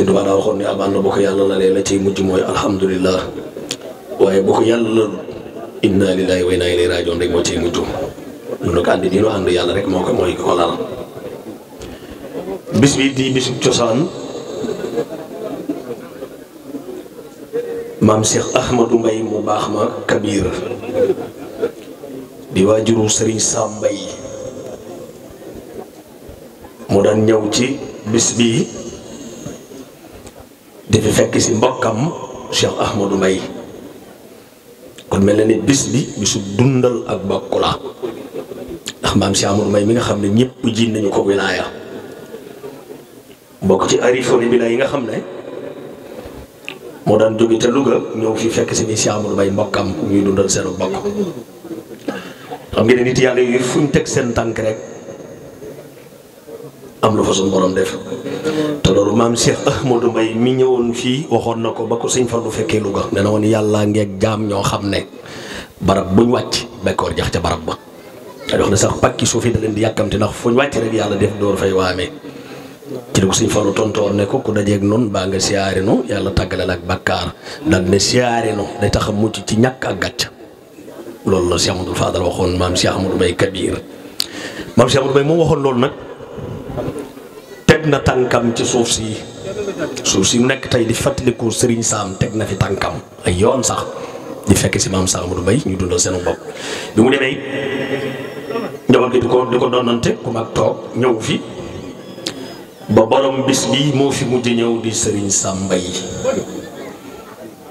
Seydou Bara waxoon ne amaan na ko yàlla lalee la ciy mujj mooy alhamdulilah waaye bu ko yàlla la inna lillahi wa inna ilayhi rajiun rek moo ciy mujj lu nag ànd diinu ànd yàlla rek moo ko mooy ko laal bis bi di bisu cosaan maam Cheikh Ahmadou Mbaye mu baax ma Kabir di waajuru sëriñ Sam Mbaye moo daan ñëw ci bis bii dafa fekk ci mbokkam Cheikh Ahmadou Mbaye kon mel na ne bis bi bisu dundal ak bokk la ndax maam Cheikh Ahmadou Mbaye mi nga xam ne ñëpp jiin nañu ko wilaaya bokk ci arifooni bi la yi nga xam ne moo daan jóge ca Louga ñëw fi fekk si ni Cheikh Ahmadou Mbaye mbokkam ñuy dundal seen bokk xam nga nit yàlla yi fuñ teg seen tànk rek. am lu fa suñu borom def te loolu maam Cheikh Ahmadou Mbaye mi ñëwoon fii waxoon na ko ba ko fa Fallou fekkee Louga. ne na woon yàlla ngeeg jaam ñoo xam ne barab buñ wàcc bekkoor jax ca barab ba. te wax ne sax pàkki suuf yi da leen di yàkkamti ndax fuñ wàcc rek yàlla def door fay waamee ci la ko sëñ Fallou tontoor ne ko ku dajeeg noon baa nga siyaare nu yàlla tàggaleel ak bakkaar daal ne siyaare nu day tax mucc ci ñàkk ak gàcc loolu la Cheikh Amadou Fadal waxoon maam Cheikh Amadou Mbaye Kabir teg na tànkam ci suuf si suuf si mu nekk tey di fàttaliku sëriñ Sam teg na fi tànkam ay yoon sax di fekk si maam Sam Amadou Mbaye ñu dundal seen bopp bi mu demee njaboot di ko di ko doonante ku mag toog ñëw fi ba boroom bis bi moo fi mujj ñëw di Serigne Sam Mbaye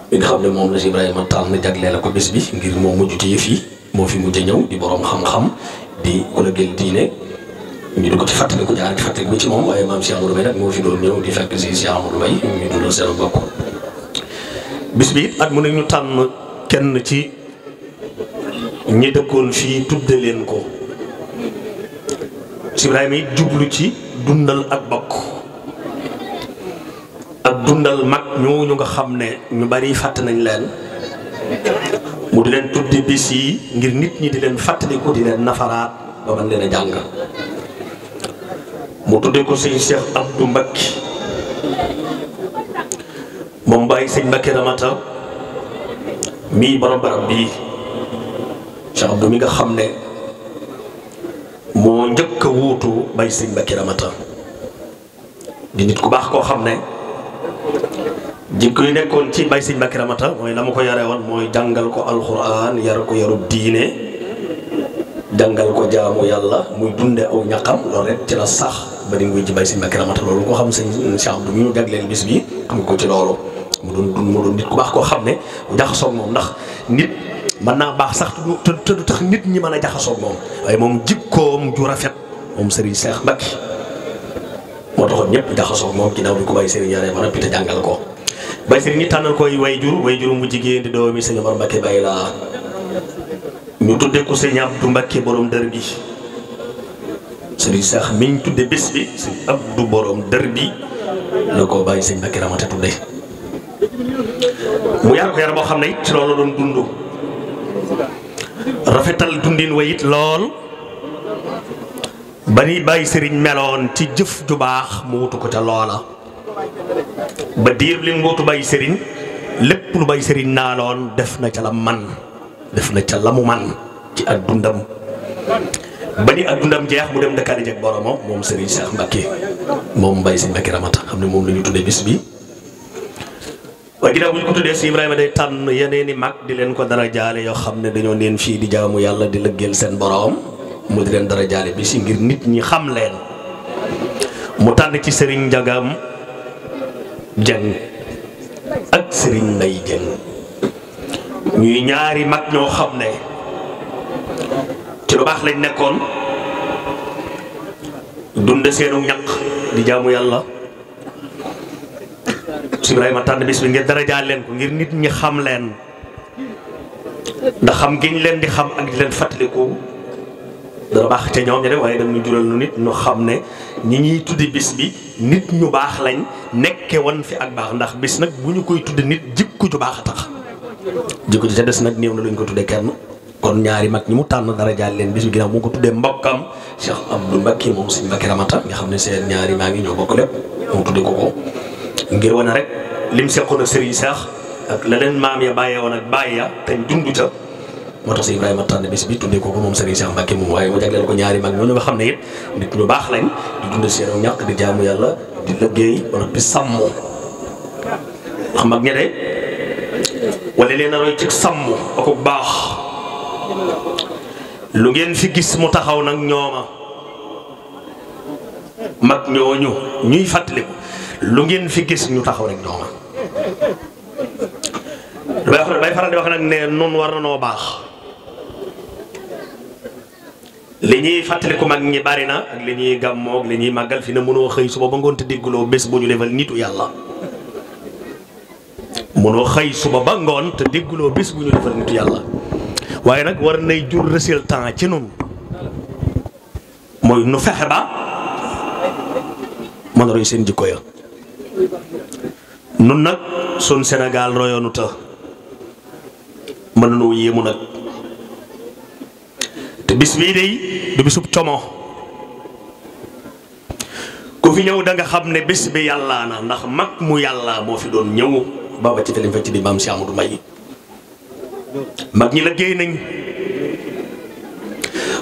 bi nga xam ne moom la si Ibrahima tànn jagleel la ko bis bi ngir moo mujj ci yëf yi moo fi mujj ñëw di borom xam-xam di ku la gën diine ñu ko ci fàttaliku jaar ci fàttaliku ci moom waaye maam Cheikh Amadou Mbaye nag moo fi doon ñëw di fekk ñu dundal seen bokk. bis bi at mu ne ñu tànn kenn ci ñi dëkkoon fii tudde leen ko Ibrahima it jublu ci dundal ak bokk ak dundal mag ñooñu nga xam ne ñu bari fàtt nañ leen mu di leen tuddi bis yi ngir nit ñi di leen fàttaliku di leen nafaraat ba mën leen a jàng mu tudde ko sëñ Cheikh Abdou Mbacke moom bàyyi sëñ Mbacke Ramata mii borom barab bii Cheikh Abdou mi nga xam ne moo njëkk a wuutu bàyyi sëñ Ramata di nit ku baax koo xam ne jikko yi nekkoon ci bàyyi sëñ Ramata mooy la ma ko yare woon mooy jàngal ko alxuraan yar ko yarub diine jàngal ko jaamu yàlla muy dunde aw ñaqam loolu rek ci la sax ba ni muy jibay sëñ Mbàkke Ramata loolu ko xam sëñ Cheikh Abdou ñu jagleel bis bi xam nga ko ci loolu mu doon dund mu doon nit ku baax koo xam ne jaxasoog moom ndax nit mën naa baax sax te du tax nit ñi mën a jaxasoog moom waaye moom jikkoom ju rafet moom Serigne Cheikh Mbacke moo taxoon moom ginnaaw bi ko ma noppi te jàngal ko bàyyi Serigne ñi tànnal koy way jur way jur mu jigéen di doomi Serigne Omar Mbacke bàyyi laa ñu tudde ko sëñ Abdu Mbàkke dër bi sëriñ mi tudde bés bi sëñ Abdu borom dër ko bàyyi sëñ Mbàkke Ramata tudde mu yar ko boo xam ne it ci loolu doon dund rafetal dundin wa it lool ba ni bàyyi sëriñ meloon ci jëf ju baax mu wutu ko ca loola ba diir li mu bàyyi sëriñ lépp lu bàyyi sëriñ naaloon def na ca la man def na ca lamu man ci ak dundam ba ni ak dundam jeex mu dem ndakaari jeg boromam moom Serigne Cheikh Mbacke moom Mbaye si Mbacke Ramata xam ne moom la ñu bis bi waaye ginnaaw bu ñu ko tuddee si Ibrahima day tànn yeneeni mag di leen ko dara jaale yoo xam ne dañoo neen fii di jaamu yàlla di la lëggeel seen borom mu di leen dara jaale bi si ngir nit ñi xam leen mu tànn ci sëriñ Ndiagam Dieng ak Serigne Ndeye Dieng ñuy ñaari mag ñoo xam ne ci lu baax lañ nekkoon dunde seenu ñaq di jaamu yàlla su Ibrahima tànn bis bi ngeen dara jaal leen ko ngir nit ñi xam leen ndax xam giñ leen di xam ak di leen fàttaliku dana baax te ñoom ñu dem waaye dem ñu jural nu nit ñu xam ne ñi ñuy tuddi bis bi nit ñu baax lañ nekke woon fi ak baax ndax bis nag bu ñu koy tudd nit jikko ju baax a tax jikko ji ca des nag néew na lu ko tuddee kenn kon ñaari mag ñi mu tànn dara jaal leen bis bi ginnaaw mu ko tuddee mbokkam Cheikh Abdou Mbacke moom sëñ Mbacke Ramata nga xam ne seen ñaari maa ngi ñoo bokk lépp mu tuddee ko ko ngir wane rek lim seqoon ak sëriñ Cheikh ak la leen maam ya bàyyee woon ak bàyyi ya te dund ca moo tax si Ibrahima tànn bis bi tuddee ko ko moom Serigne Cheikh Mbacke moom waaye mu jagleel ko ñaari mag ñooñu nga xam ne it nit ñu baax lañ di dund seen ñàkk di jaamu yàlla di liggéey ba noppi xam mag ña wala leen a roy ci sàmm aku baax lu ngeen fi gis mu taxaw nag ñooma mag ñooñu ñuy fàttaliku lu ngeen fi gis ñu taxaw rek ñooma bay faral di wax nag ne nun war na noo baax li ñuy fàttaliku mag ñi bari na ak li ñuy gàmmoog li ñuy màggal fi ne mënoo xëy suba ba ngoon te dégguloo bés bu ñu defal nitu yàlla mënoo xëy suba ba ngoon te dégguloo bis bu ñu defal nitu yàlla waaye nag war nay jur résultat ci nun mooy nu fexe ba mën a roy seen jikko ya nun nag sun Sénégal royoonu ta mën noo yéemu nag te bis bii dey du bisub como ku fi ñëw da xam ne bis bi yàlla na ndax mag mu yàlla moo fi doon ñëw baba ci lañ fa ci di maam si Amadou Mbaye mag ñi liggéey nañ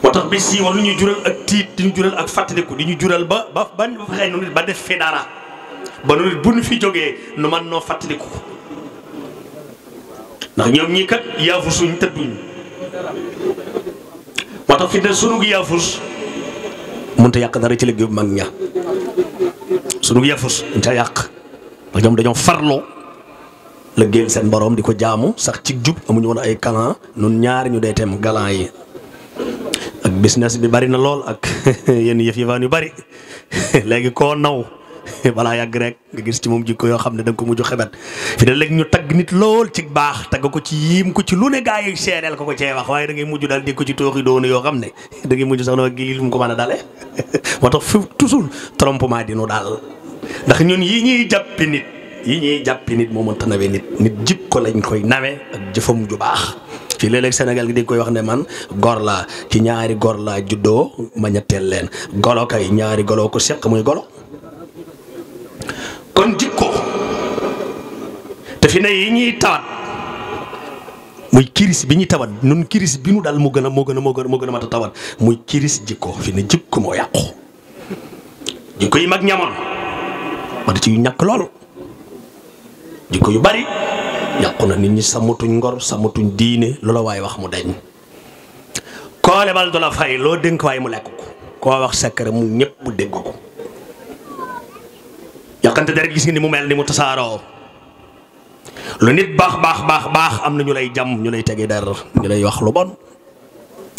moo tax bés yi war ñuy jural ak tiit di ñu jural ak fàttaliku di ñu jural ba ba ba xëy nu def dara ba nu ñu fi jógee nu man noo fàttaliku ndax ñoom ñii kat yaafus suñ tëdduñ moo tax fi ne sunu yaafus mënut a yàq dara ci liggéey bu mag ña sunu yaafus mënut a yàq ndax ñoom dañoo farloo. lëggéeyal seen borom di ko jaamu sax ci jub amuñu woon ay kalan nun ñaari ñu dee teem galan yi ak business bi bari na lool ak yenn yëf yëfaan yu bari léegi ko naw balaa yàgg rek nga gis ci moom jikko yoo xam ne da nga ko mujj xebet fi da léegi ñu tagg nit lool ci baax tagg ko ci yiim ko ci lu ne gaa yi ko ko waaye da mujj daal di ko ci tooxi doonu yoo xam ne da ngay mujj sax na gi lu mu ko man a dale moo tax fi toujours trompement dinu daal ndax ñun yi ñuy jàppi nit yi ñuy jàppi nit moo mënta nawe nit nit jikko ko lañ koy nawe ak jëfam ju baax fii léeg-léeg Sénégal gi di koy wax ne man gor laa ci ñaari gor laa juddoo ma ñetteel leen golo ñaari golo ko seq muy golo kon jikko te fi ne yi ñuy tawat muy kiris bi ñuy tawat nun kiris bi mu dal mu gën a moo gën moo gën moo gën a mat a tawat muy kiris jikko fi ne jikko moo yàqu jikko yi mag ñamoon ma ci ñàkk lool jikko yu bari yàqu na nit ñi sàmmatuñ ngor sàmmatuñ diine loola waaye wax mu dañ koo lebal du la fay loo dénk waaye mu lekk ko koo wax secret mu ñëpp bu dégg ko yàqante dara gis nga ni mu mel ni mu tasaaroo lu nit baax baax baax baax am na ñu lay jam ñu lay tegee der ñu lay wax lu bon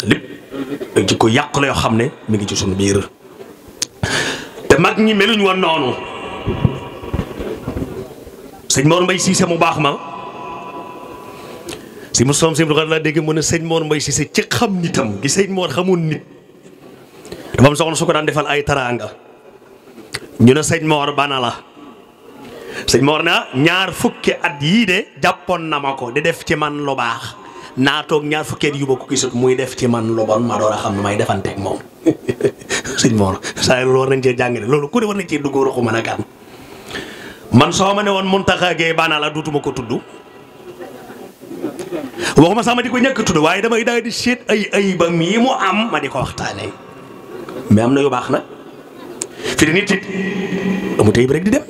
lépp ay jikko yàqu la yoo xam ne mi ngi ci suñu biir te mag ñi meluñ woon noonu sëñ Mor Mbaye Cissé mu baax ma si mu soom si mu laa dégg mu ne sëñ Mor Mbaye Cissé ci xam nitam gi sëñ Mor xamul nit dafa am soxna su ko daan defal ay taraanga ñu ne sëñ Mor bana la sëñ Mor na ñaar fukki at yii de jàppoon na ma ko di def ci man lu baax naa toog ñaar fukki at yu ba ko gisut muy def ci man lu bon ma door a xam ne may defanteeg moom sëñ Mor saa loolu war nañ cee jàngale loolu ku ne war nañ cee dugg ruxu mën a man soo ma ne woon Mountakha Gueye baanaa la duutuma ko tudd waxuma sax ma di ko ñàkk tudd waaye damay daal di seet ay ayibam yi mu am ma di ko waxtaanee mais am na yu baax na fi di nit it amu tey bi rek di dem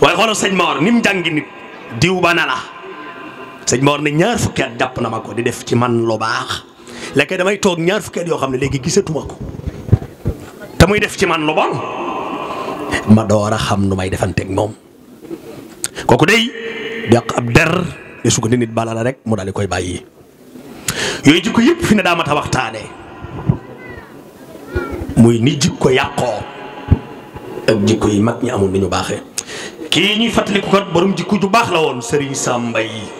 waaye xoolal sëñ Mor ni mu jàngi nit diw bana la sëñ Mor ne ñaar fukki at jàpp na ma ko di def ci man lu baax léegi damay toog ñaar fukki at yoo xam ne léegi gisatuma ko te muy def ci man lu bon. ma door a xam nu may defanteeg moom kooku day yàq ab der de su ko nit bala la rek mu daal di koy bàyyi yooyu jikko yëpp fi ne daa mat a waxtaane muy ni jikko yàqoo ak jikko yi mag ñi amul ni ñu baaxee kii ñuy fàttaliku kat borom jikko ju baax la woon Serigne Sam Mbaye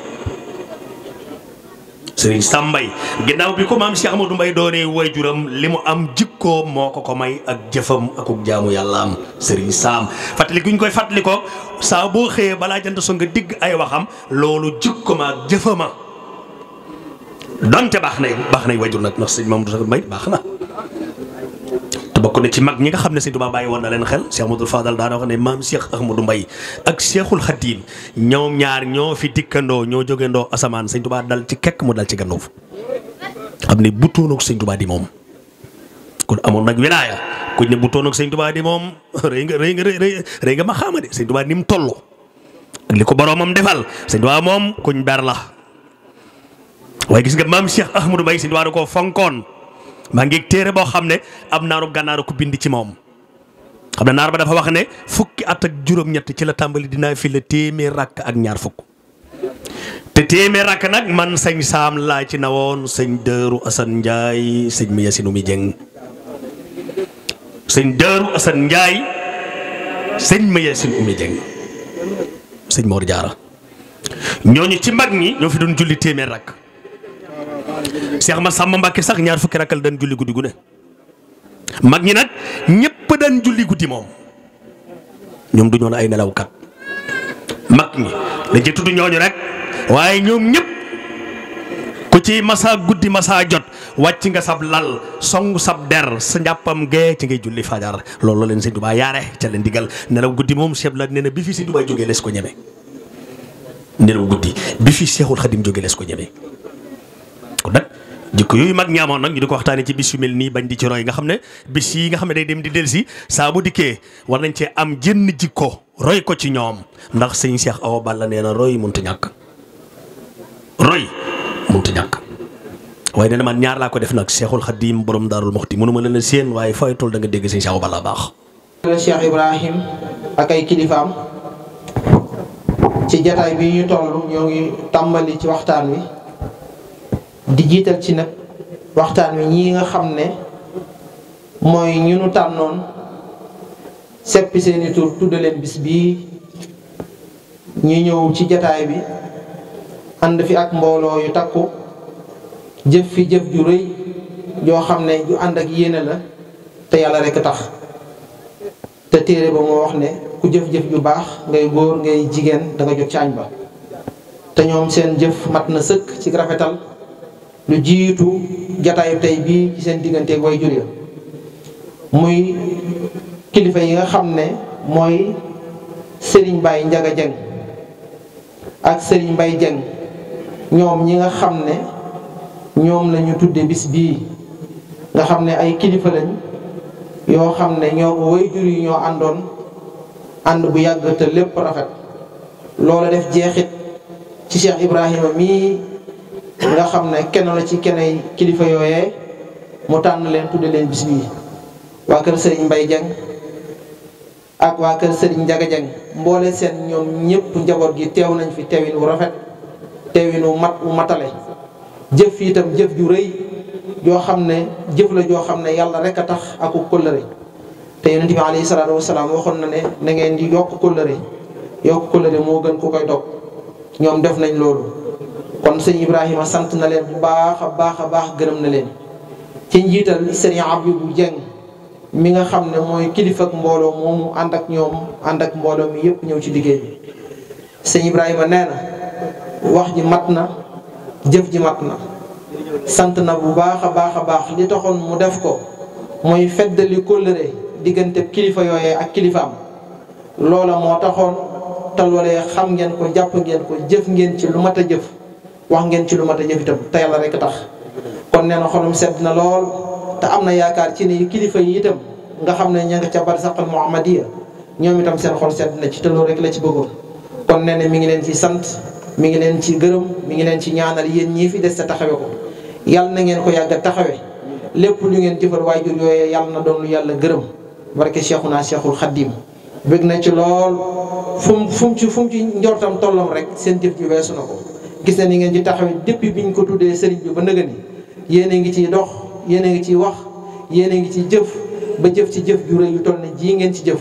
sëriñ Sàmbay ginnaaw bi ko maam Cheikh Amadou Mbay doonee waajuram li mu am jikkoom moo ko ko may ak jëfam akuk jaamu yàlla am sëriñ Saam fàttali guñ koy fàttali ko saa boo xëyee balaa jant so nga digg ay waxam loolu jikko ma ak jëfama donte baax nay baax nay waajur nag ndax sëñ Mamadou Mbay baax na bokk na ci mag ñi nga xam ne Sëñ Tuubaa bàyyi woon na leen xel Cheikh Ahmadou Fadal daana wax ne maam Cheikh Ahmadou Mbaye ak Cheikhul Khadim ñoom ñaar ñoo fi dikkandoo ñoo jógendoo asamaan Sëñ Tuubaa dal ci kekk mu dal ci gannaaw xam ne bu tóonoog Sëñ Tuubaa di moom kon amoon nag wilaaya kuñ ne bu tóonoog Sëñ Tuubaa di moom rëy nga rëy nga ma xaama de Sëñ Tuubaa ni mu ak li ko boroomam defal Sëñ Tuubaa moom kuñ ber la waaye gis nga maam Cheikh Ahmadou Mbaye Sëñ Tuubaa koo fonkoon maa ngi téere boo xam ne am naaru gànnaar ko bind ci moom xam ne naar ba dafa wax ne fukki at ak juróom-ñett ci la tàmbali dina fi la téeméer rakk ak ñaar fukk te téeméer rakk nag man sëñ saam laa ci nawoon sëñ dëru Assane Ndiaye sëñ mi yasinu mi jëng sëñ dëru Assane Ndiaye sëñ mi yasinu mi jëng sëñ Mor Diarra ñooñu ci mag ñi ñoo fi doon julli téeméer rakk. Cheikh sàmm Mbacke sax ñaar fukki rakkal daan julli guddi gu ne mag ñi nag ñëpp daan julli guddi moom ñoom du ñoon ay nelawkat mag ñi dañ ci tudd ñooñu rek waaye ñoom ñëpp ku ci masa guddi masa jot wàcc nga sab lal song sab der sa njàppam gee ci ngay julli fajar loolu leen sëñ Tuubaa yaare ca leen digal nelaw guddi moom seeb la nee na bi fi sëñ Tuubaa jógee ko ñeme nelaw guddi bi fi Seexul Xadim jógee lees ko ñeme kon nag jikko yooyu mag ñaamoon nag ñu di ko waxtaanee ci bis yu mel nii bañ di ci roy nga xam ne bis yi nga xam ne day dem di delsi saa dikkee war nañ cee am jënn jikko roy ko ci ñoom ndax sëñ Cheikh Awa Balla nee na roy mënut a ñàkk roy mënut a ñàkk waaye nee na man ñaar laa ko def nag Cheikhul Khadim borom Daarul Muxti mënuma leen a séen waaye fooy toll da nga dégg sëñ Cheikh Awa Balla baax. Cheikh Ibrahim ak ay kilifaam ci jataay bi ñu toll ñoo ngi tàmbali ci waxtaan wi. di jiital ci nag waxtaan wi ñi nga xam ne mooy ñu nu tànnoon seppi seeni tur tuddaleen bis bii ñu ñëw ci jataay bi ànd fi ak mbooloo yu takku jëf fi jëf ju rëy yoo xam ne ju ànd ak yéene la te yàlla rekk tax te téere ba moo wax ne ku jëf-jëf ju baax ngay góor ngay jigéen da nga jot ci añ ba te ñoom seen jëf mat na sëkk ci rafetal lu jiitu jataayu tey bii ci seen digganteeg way jur ya muy kilifa yi nga xam ne mooy sëriñ Baye Ndiaga Dieng ak Serigne Mbaye Dieng ñoom ñi nga xam ne ñoom la ñu tudde bis bii nga xam ne ay kilifa lañ yoo xam ne ñoo ko way jur yi ñoo àndoon ànd bu yàgg te lépp rafet loolu def jeexit ci Cheikh Ibrahima mii nga xam ne kenn la ci keneen kilifa yooyee mu tànn leen tudde leen bis bii waa kër sëriñ Mbay Jeng ak waa kër sëriñ Njaga Jeng mboole seen ñoom ñëpp njaboot gi teew nañ fi teewin wu rafet teewin wu mat wu matale jëf itam jëf ju rëy joo xam ne jëf la joo xam ne yàlla rek a tax aku kóllëre te yonent bi alayhi salaatu wasalaam waxoon na ne na di yokk kóllëre yokk kóllëre moo gën ku koy dog ñoom def nañ loolu kon sëñ Ibrahima sant na leen bu baax a baax a baax gërëm na leen ci njiital sëñ bu Dieng mi nga xam ne mooy kilifa ak mbooloo moomu ànd ak ñoom ànd ak mbooloo mi yëpp ñëw ci liggéey bi sëñ Ibrahima nee na wax ji mat na jëf ji mat na sant na bu baax a baax a baax li taxoon mu def ko mooy feddali kóllëre diggante kilifa yooye ak kilifaam loola moo taxoon te loolee xam ngeen ko jàpp ngeen ko jëf ngeen ci lu mat a jëf wax ngeen ci lu mat a jëf itam te yàlla rek tax kon nee na sedd na lool te am na yaakaar ci ne kilifa yi itam nga xam ne ña nga ca barsaqal muhammadiya ñoom itam seen xol sedd na ci te rek la ci bëggoon kon nee na mi ngi leen ci sant mi ngi leen ci gërëm mi ngi leen ci ñaanal yéen ñii fi des te taxawe yàlla na ngeen ko yàgg lépp lu ngeen jëfal waajur yooyee yàlla na doon lu yàlla gërëm barke Cheikhuna Cheikhul Khadim bëgg na ci lool fu mu ci fu ci njortam tollam rek seen jëf ji weesu na ko gis na ni ngeen ci taxawee bi ñu ko tuddee sëriñ bi ba nëgën yi yéen a ngi ciy dox yéen a ngi ciy wax yéen a ngi ciy jëf ba jëf ci jëf ju rëy yu toll ne jii ngeen ci jëf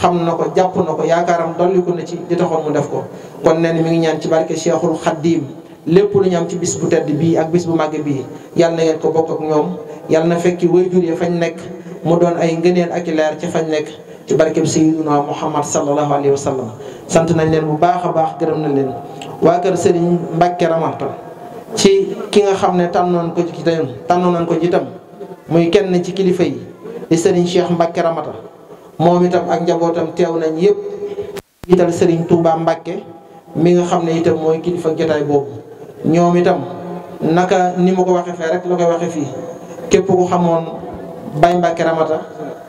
xam na ko jàpp na ko yaakaaram dolliku na ci di taxoon mu def ko kon nee mu ngi ñaan ci barke Cheikhul Khadim lépp lu ñu am ci bis bu tedd bii ak bis bu màgg bii yàlla na ngeen ko bokk ak ñoom yàlla na fekki waajur ya fañ nekk mu doon ay ngëneel ak i leer ca fañ nekk ci barkeb Sayyiduna Muhammad sallallahu alayhi wa sallam sant nañ leen bu baax a baax gërëm nañ leen waa kër Serigne Mbacke Ramata ci ki nga xam ne tànnoon ko ci tam tànnoon ko ci itam muy kenn ci kilifa yi di Serigne Cheikh Mbacke Ramata moom itam ak njabootam teew nañ yëpp jiital sëriñ Touba Mbacke mi nga xam ne itam mooy kilifa jotaay boobu ñoom itam naka ni ma ko waxee fee rek la koy waxee fii képp ku xamoon Baye Mbacke Ramata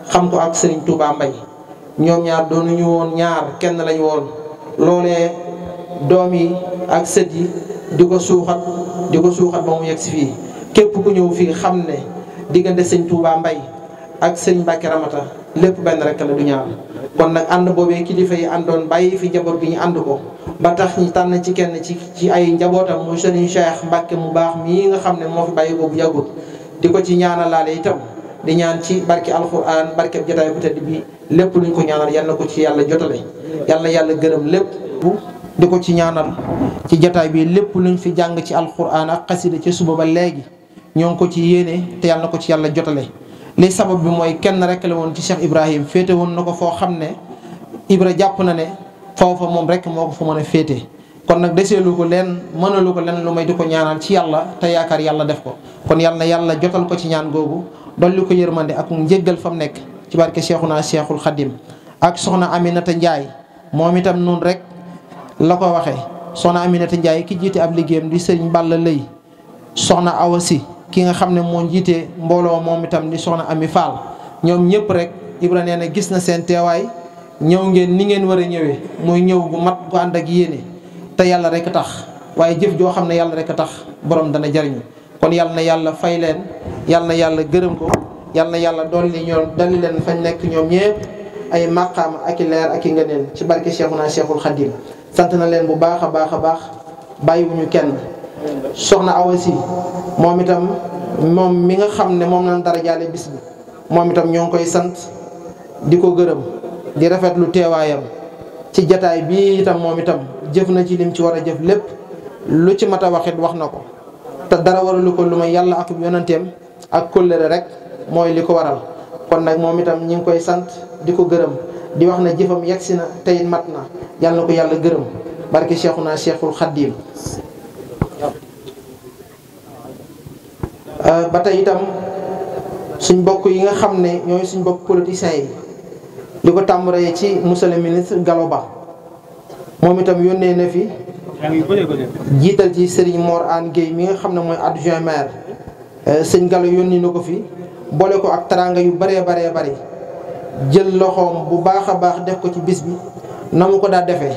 xam ko ak sëriñ Touba mbay ñoom ñaar doonuñu woon ñaar kenn lañu woon loolee doom yi ak sët yi di ko suuxat di ko suuxat ba mu yegg si fii képp ku ñëw fii xam ne diggante sëñ Touba Mbay ak sëñ Mbàkke Ramata lépp benn rek la du ñaan kon nag ànd boobee kilifa yi àndoon bàyyi fi njaboot bi ñu ànd ba tax ñi tànn ci kenn ci ci ay njabootam muy sëriñ Cheikh Mbàkke mu baax mii nga xam ne moo fi bàyyi ko yàggut di ko ci ñaanalaale itam di ñaan ci barke alxuraan barke jotaay bu tedd bi lépp luñ ko ñaanal yal na ko ci yàlla jotale yàlla yàlla gërëm lépp di ko ci ñaanal ci jataay bii lépp lu ñu fi jàng ci alquran ak xasida ci suba ba léegi ñoo ngi ko ci yéene te yàlla na ko ci yàlla jotale li sabab bi mooy kenn rek woon ci Cheikh Ibrahim féete woon na ko foo xam ne Ibra jàpp na ne foofa moom rek moo ko fa mën a féete kon nag deseelu ko leen mënalu ko leen lu may di ko ñaanal ci yàlla te yaakaar yàlla def ko kon yàlla yàlla jotal ko ci ñaan googu dolli ko yërmande ak njéggal fa mu nekk ci barke Cheikhuna Cheikhul Khadim ak soxna Aminata rek. la ko waxee soxna ami Aminata njaay ki jiite ab liggéeyam di sëriñ Balla Lay soxna Awa Si ki nga xam ne moo jiite mbooloo moom itam di soxna Ami Fall ñoom ñëpp rek Ibra nee na gis na seen teewaay ñëw ngeen ni ngeen war a mooy ñëw bu mat gu ànd ak yéene te yàlla rek tax waaye jëf joo xam ne yàlla rek tax borom dana jariñu kon yàlla na yàlla fay leen yàlla na yàlla gërëm ko yàlla na yàlla dolli ñoom dolli leen fañ nekk ñoom ñëpp ay maqaam ak i leer ak i ngëneel ci barke Cheikhuna Cheikhul sant na leen bu baax a baax a baax bàyyiwuñu kenn soxna Awa moom itam moom mi nga xam ne moom lañ dara jaale bis bi moom itam ñoo ngi koy sant di ko gërëm di rafetlu teewaayam ci jataay bi itam moom itam jëf na ci lim ci war a jëf lépp lu ci mat a waxit wax na ko te dara waralu ko lu ma yàlla ak yonanteem ak kóllëre rek mooy li ko waral kon nag moom itam ñi ngi koy sant di ko gërëm di wax na jëfam yegsi na tey mat na yàlla ko yàlla gërëm barke naa Cheikhul Khadim euh, ba tey itam suñ bokk yi nga xam ne ñooy suñ bokk politiciens yi li ko tàmbalee ci monsieur le ministre Gallo Ba moom itam yónnee na fi jiital ci Serigne Mor Anne Gueye mi nga xam ne mooy adjoint maire euh, sëñ Gallo yónni na ko fi boole ko ak teraanga yu baree baree bari jël loxoom bu baax a baax def ko ci bis bi na mu ko daa defee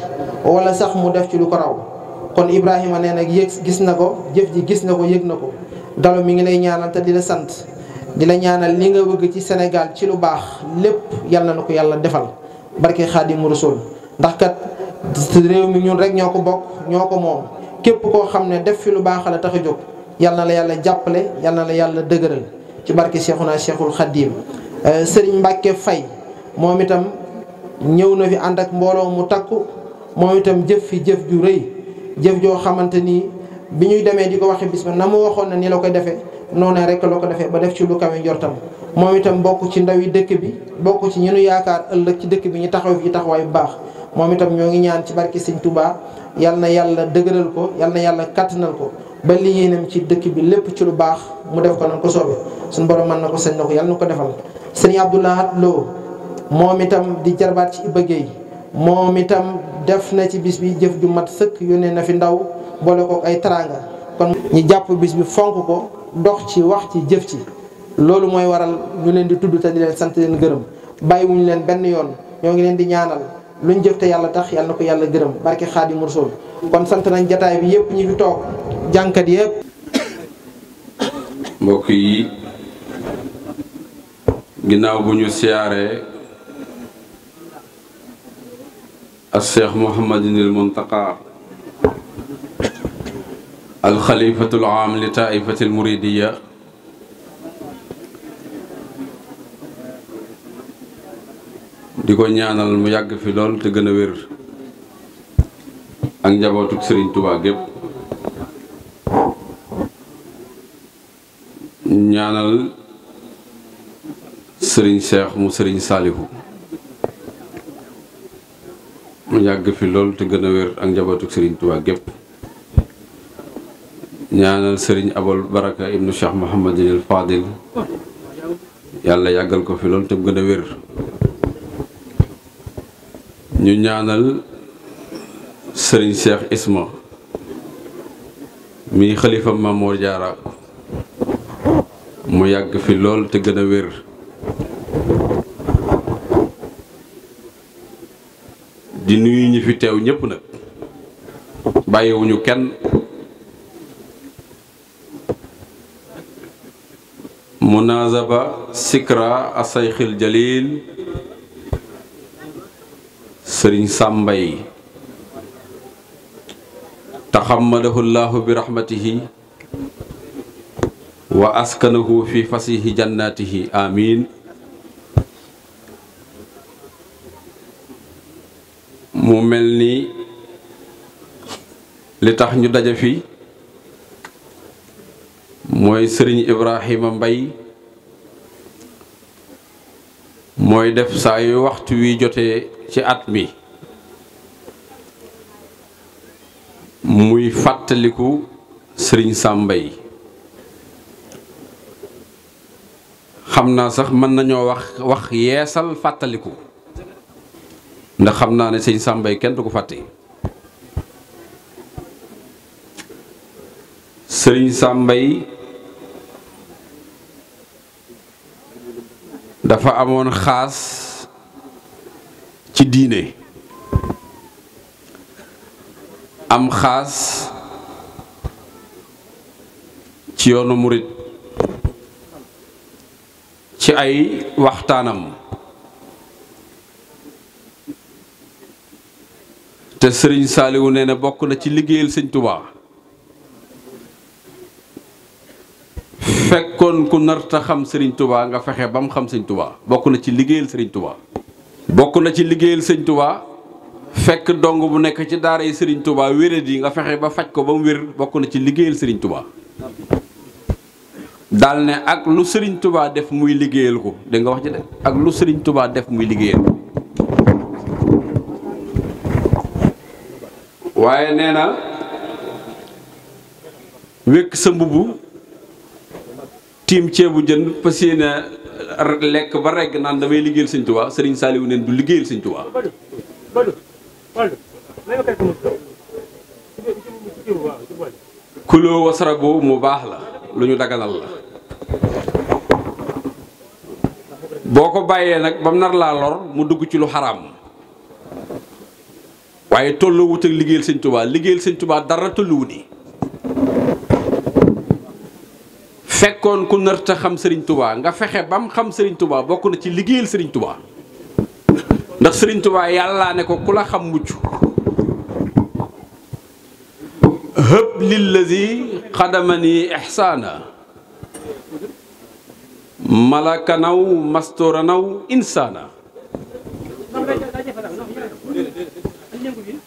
wala sax mu def ci lu ko raw kon Ibrahima nee nag yëg gis na ko jëf ji gis na ko yëg na ko dalo mi ngi lay ñaanal te di la sant di la ñaanal li nga bëgg ci senegal ci lu baax lépp yàlla na ko yàlla defal barke Xaadimu Rasuul ndax kat réew mi ñun rek ñoo ko bokk ñoo ko moom képp koo xam ne def fi lu baax la tax a jóg yàlla na la yàlla jàppale yàlla na la yàlla dëgëral ci barke Seexuna Seexul Xadiim euh, Sëriñ Mbàkke Fay moom itam ñëw na fi ànd ak mbooloo mu takku moom itam jëf fi jëf ju rëy jëf joo xamante ni bi ñuy demee di ko waxee bis ba na mu waxoon na ni la ko defee noonu rek la ko defee ba def ci lu kawe njortam moom itam bokk ci ndaw yi dëkk bi bokk ci ñunu yaakaar ëllëg ci dëkk bi ñu taxaw fi taxawaay bu baax moom itam ñoo ngi ñaan ci barki Sëñ Touba yal na yàlla dëgëral ko yal na yàlla kattanal ko ba li nam ci dëkk bi lépp ci lu baax mu def ko nan ko soobee suñu borom mën na ko sañ na ko yàlla na ko defal sëñ Abdoulahat Lo moom itam di jarbaat ci Iba Guèye moom itam def na ci bis bi jëf ju mat sëkk yónnee na fi ndaw boole ko ay teraanga kon ñi jàpp bis bi fonk ko dox ci wax ci jëf ci loolu mooy waral ñu leen di tudd te di leen sant leen gërëm bàyyiwuñu leen benn yoon ñoo ngi leen di ñaanal luñ jëf te yàlla tax yàlla na ko yàlla gërëm barke Xaadimu Rasuul kon sant nañ jataay bi yëpp ñu fi toog jànkat yëpp. mbokk yi ginnaaw bu ñu siyaaree. الشيخ محمد المنتقى الخليفة العام لطائفة المريدية di ko ñaanal mu yàgg fi lool te gën a wér ak njabootuk Serigne Touba gépp ñaanal Serigne Cheikh mu sëriñ Salihu yàgg fi lool te gën a wér ak njabootu Serigne Touba gépp ñaanal Serigne Abol Baraka ibnu Cheikh Mouhamadinil Fadil yàlla yàggal ko fi lool te gën a wér ñu ñaanal Serigne Cheikh Isma mi xalifa moo Diarra mu yàgg fi lool te gën a wér di nuyu ñi fi teew ñëpp nag bàyyiwuñu kenn munazaba sikra asayxil jalil sëriñ sàmbay taxammadahu llahu bi rahmatihi wa askanahu fi fasihi jannatihi amin mu mel nii li tax ñu daje fi mooy sëriñ Ibrahima Mbay mooy def saa yu waxtu wi jote ci at mi muy fàttaliku sëriñ Sàmbay xam naa sax mën nañoo wax wax yeesal fàttaliku ndax xam naa ne sëñ Sàmbay kenn du ko fàtte sëriñ Sàmbay dafa amoon xaas ci diine am xaas ci yoonu murit ci ay waxtaanam te sëriñ Saaliwu nee ne bokk na ci liggéeyal sëñ Tuubaa fekkoon ku narta xam sëriñ tubaa nga fexe ba mu xam sëñ Tuubaa bokk na ci liggéeyal sëriñ Tuubaa bokk ci liggéeyal sëñ fekk dong bu nekk ci daara yi sëriñ tubaa wérad yi nga fexe ba faj ko ba mu wér bokk na ci liggéeyal sëriñ Tuubaa daal ne ak lu sëriñ tubaa def muy liggéeyal ko dégg wax ci de ak lu sëriñ tubaa def muy liggéeyal waaye nee na wékk sa mbubb tiim ceebu jënd fas yéene lekk ba regg naan damay liggéeyal sëñ Tuubaa sëriñ Saaliwu neen du liggéeyal sëñ Tuubaa kuloo wasarabo mu baax la lu ñu daganal la boo ko bàyyee nag bam nar laa lor mu dugg ci lu xaraam waaye tolloo wut ak liggéeyal sëñ Touba liggéeyal sëñ Touba dara tolluwu ni fekkoon ku narta xam sëriñ Touba nga fexe bam xam sëriñ Touba bokk na ci liggéeyal sëriñ Touba ndax sëriñ Touba yàllaa ne ko ku la xam mucc hëb lillazi xadamani ihsaana malakanaw naw insana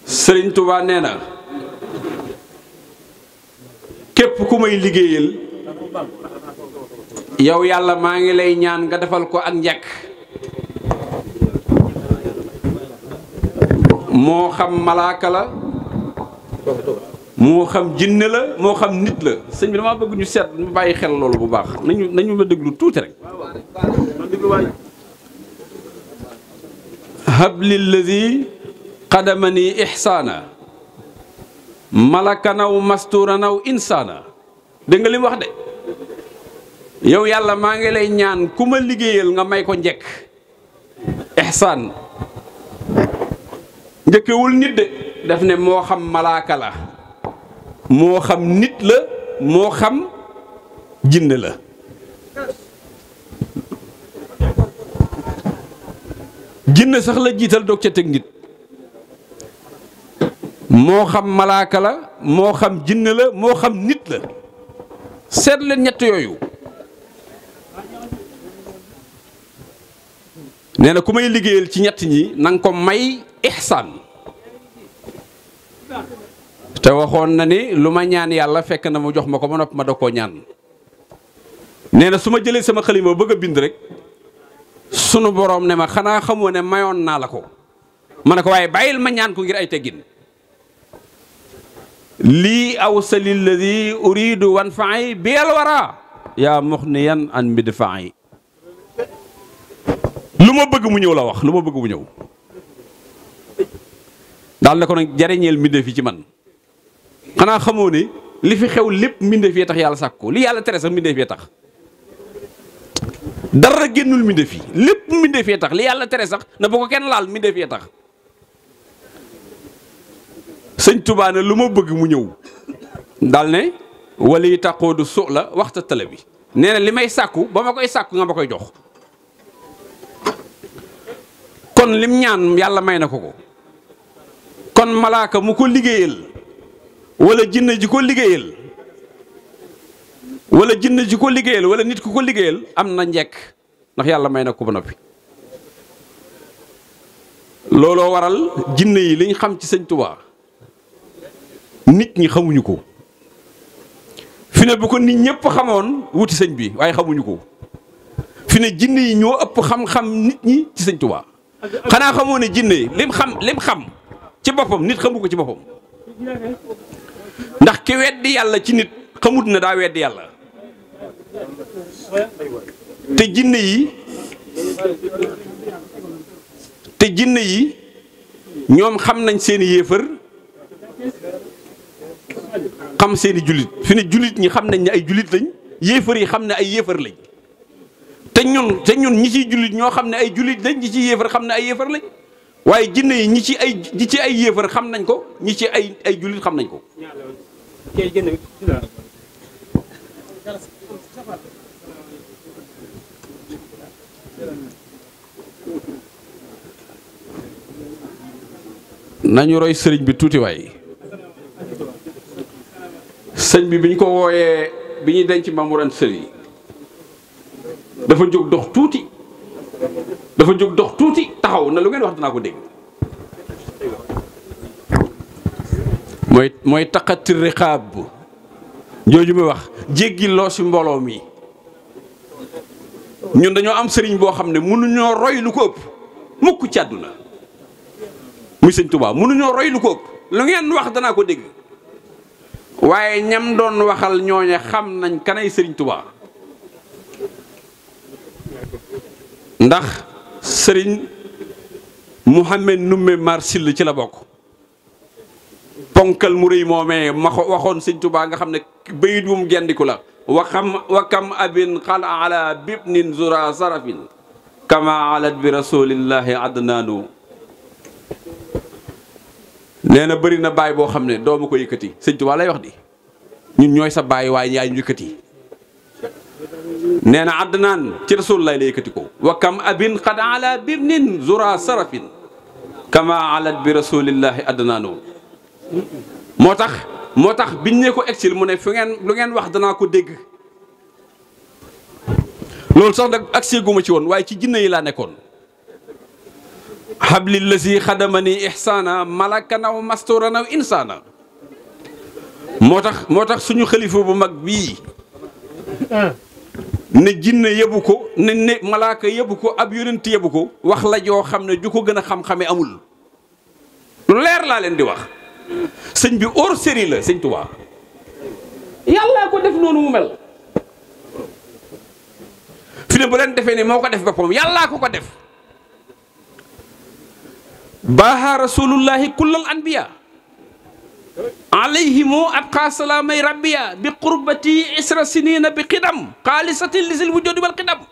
sëriñ na képp ku may liggéeyal yow yàlla maa ngi lay ñaan nga defal ko ak njekk moo xam malaaka la moo xam jinne la moo xam nit la sëñ bi damaa bëgg ñu seet ñu bàyyi xel loolu bu baax nañu ñu ma déglu tuuti rek hablil lazi xadamani ihsaana malakanaw masturanaw insaana dégg nga li wax de yow yàlla maa ngi lay ñaan ku ma liggéeyal nga may ko njekk ihsaan njëkkewul nit de daf ne moo xam malaaka la moo xam nit la moo xam jinne la jinne sax la jiital doog ca teg nit moo xam malaaka la moo xam jinne la moo xam nit la seet leen ñett yooyu nee na ku may liggéeyal ci ñett ñi nanga ko may ihsaan te waxoon na ni lu ma ñaan yàlla fekk na mu jox ma ko ba nopp ma da ñaan nee na su ma jëlee sama xalima bëgg a bind rek sunu boroom ne ma xanaa xamoo ne mayoon naa la ko ma ne ko waaye bàyyil ma ñaan ko ngir ay teggin lii awsali lladi uridu wan faay biyal wara yaa muxniyan an mid faay lu ma bëgg mu ñëw la wax lu ma bëgg mu ñëw daal ne ko nag jariñeel mbindeef yi ci man xanaa xamoo ne li fi xew lépp mbindeef yee tax yàlla sàkk ko li yàlla tere sax mbindeef yee tax dara génnul mbindeef yi lépp mbindeef yee tax li yàlla tere sax na bu ko kenn laal mbindeef yee tax sëñ Tuubaa ne lu ma bëgg mu ñëw dal ne wala yi taqoo du su la waxta tala bi nee li may sàkku ba ma koy sàkku nga ma koy jox kon lim ñaan yàlla may na ko ko kon malaaka mu ko liggéeyal walla jinne ji ko liggéeyal wala jinne ji ko liggéeyal wala nit ku ko liggéeyal am na njekk ndax yàlla may na ko ba noppi looloo waral jinne yi liñ xam ci sëñ Tuubaa nit ñi xamuñu ko fi ne bu ko nit ñëpp xamoon wuti sëñ bi waaye xamuñu ko fi ne jinne yi ñoo ëpp xam-xam nit ñi ci sëñ Tuubaa xanaa xamoo ne jinne lim xam lim xam ci boppam nit xamu ko ci boppam ndax ki weddi yàlla ci nit xamut na daa weddi yàlla te jinne yi te jinne yi ñoom xam nañ seeni yéefar xam seeni jullit fi ne jullit ñi xam nañ ne ay jullit lañ yéefar yi xam ne ay yéefar lañ te ñun te ñun ñi ciy jullit ñoo xam ne ay jullit lañ ñi ciy yéefar xam ne ay yéefar lañ waaye jinne yi ñi ci ay ñi ay yéefar xam nañ ko ñi ci ay ay jullit xam nañ ko. nañu roy sëriñ bi tuuti sëñ bi bi ñu ko wooyee bi ñuy denc Mamour ren Sali dafa jóg dox tuuti dafa jóg dox tuuti taxaw na lu ngeen wax dinaa ko dégg mooy mooy taqati riqaab jooju muy wax jéggi loo si mbooloo mi ñun dañoo am sëriñ boo xam ne mënuñoo roy lu ko ëpp mukk ci àdduna muy sëñ Tuubaa mënuñoo roy lu ko ëpp lu ngeen wax danaa ko dégg waaye ñam doon waxal ñooñe xam nañ kanay sëriñ tubaa ndax sëriñ mu Mouhamed Numme Marsil ci la bokk ponkal mu rëy moomee ma waxoon sëñ tubaa nga xam ne bayit wum gendiku la wa xam wa kam abin xala ala bibnin zura sarafin kama alat bi rasulillahi adnaanu nee na bëri na baay boo xam ne doomu ko yëkkati sëñ Tuubaa lay wax di ñun ñooy sa baay waaye yaay ñu yëkkati nee na Adnaan ci rasul la yëkkati ko wa kam abin qad ala birnin zura sarafin kama alat bi rasulillahi adnaanoo moo tax moo tax biñ ne ko exil mu ne fu ngeen lu ngeen wax danaa ko dégg loolu sax nag agsi guma ci woon waaye ci jinne yi laa nekkoon habli lasi xadamani ihsaana malakanaw masturanaw insaana moo tax moo tax suñu xalifa bu mag bii ne jinne yëbu ko ne ne malaaka yëbu ko ab yonent yëbu ko wax la joo xam ne ju ko gën a xam-xame amul lu leer laa leen di wax sëñ bi hors série la sëñ Tuubaa yàllaa ko def noonu mu mel fi ne bu leen defee ne moo ko def boppam yàllaa ko ko def baaha rasulullahi kullal anbiya alayhimu atqa salaamay rabbiya bi qurbati isra sinina bi xidam xaalisatin lisil wujudi wal xidam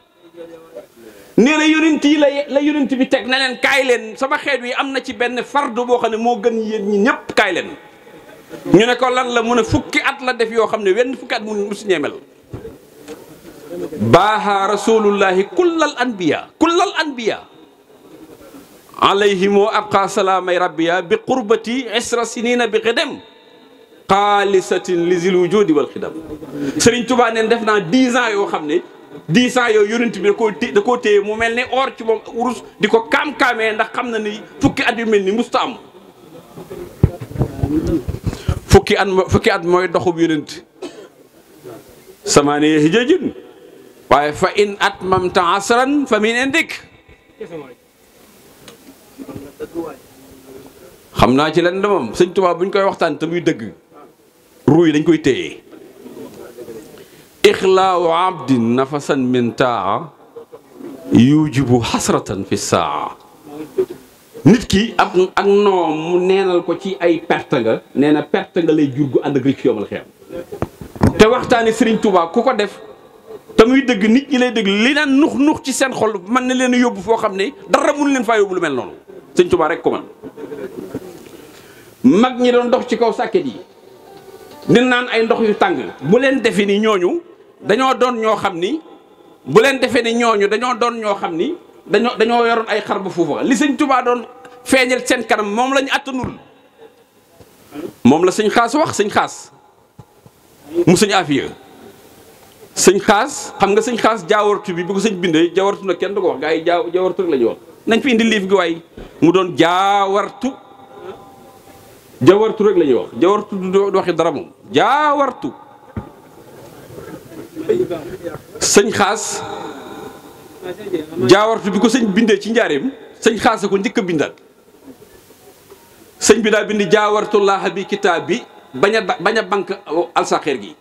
nee na yonent yi la la yonent bi teg na leen kaay leen sama xeet wi am na ci benn fardu boo xam ne moo gën yéen ñi ñëpp kaay leen ñu ne ko lan la mu ne fukki at la def yoo xam ne wenn fukki at mu si ñeemel baaha rasulullahi kullal anbiya kullal anbiya alayhimoo abqa salaamay rabbiya bi qurbati isra sinina bi xidem xaalisatin li zil wujudi wal xidam sëriñ tubaa neen def naa dix yoo xam ne dix ans yooyu bi da koo mu mel ne or ci moom wurus di ko kaam-kaamee ndax xam na ni fukki at yu mel ni musta am fukki at mooy doxub yonent samaaniya hijajin waaye fa in at mamta asran fa min indik xam naa ci lenn moom sëñ Tuubaa bu ñu koy waxtaan te muy dëgg ruu dañ koy téye ixlaawu abdin nafasan min taa jibu xasratan fi saa nit ki ab ak noom mu neenal ko ci ay perte nga nee na perte nga lay jur gu ànd ak rëcc yomal xeem te waxtaani sëriñ Tuubaa ku ko def te muy dëgg nit ñi lay dëgg li daan nux nux ci seen xol mën na leen yóbbu foo xam ne dara mun leen faa yóbbu lu mel noonu sëñ tubaa rek ko man mag ñi doon dox ci kaw sàkket yi di naan ay ndox yu tàng bu leen defe ni ñooñu dañoo doon ñoo xam ni bu leen defee ni ñooñu dañoo doon ñoo xam ni dañoo dañoo yoroon ay xar bu fuufa li sëñ tubaa doon feeñal seen kanam moom lañu àttanul moom la sëñ xaas wax sëñ xaas mu sëñ afiya sëñ xaas xam nga sëñ xaas jaawartu bi bi ko sëñ bindee jaawartu na kenn du ko wax gaa yi jaawartu rek la ñu wax nañ fi indi liif gi waay mu doon jaawartu jaawartu rek la ñuy wax jaawartu du waxi dara moom jaawartu sëñ xaas jaawartu bi ko sëñ bindee ci njaareem sëñ xaas a ko njëkk bindal sëñ bi daa bind jaawartu laaxa bi kitaab bi bañ a alsaxeer gi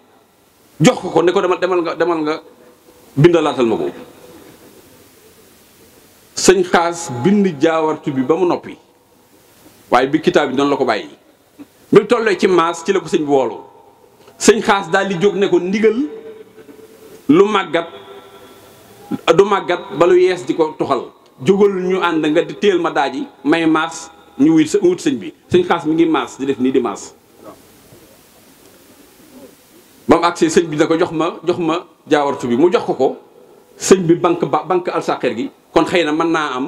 jox ko ko ne ko demal demal nga demal nga bindalaatal ma ko sëñ xaas bind jaawartu bi ba mu noppi waaye bi kitaab bi noonu la ko bàyyi bi tollee ci maas ci la ko sëñ bi woolu sëñ xaas daal di jóg ne ko ndigal lu màggat du màggat ba lu yees di ko toxal jógal ñu ànd nga di téel ma daaji may maas ñu wut wut sëñ bi sëñ xaas mi ngi maas di def nii di maas ba mu agsee sëñ bi ne ko jox ma jox ma jaawartu bi mu jox ko ko sëñ bi banque ba banque alsaxeer gi kon xëy na mën naa am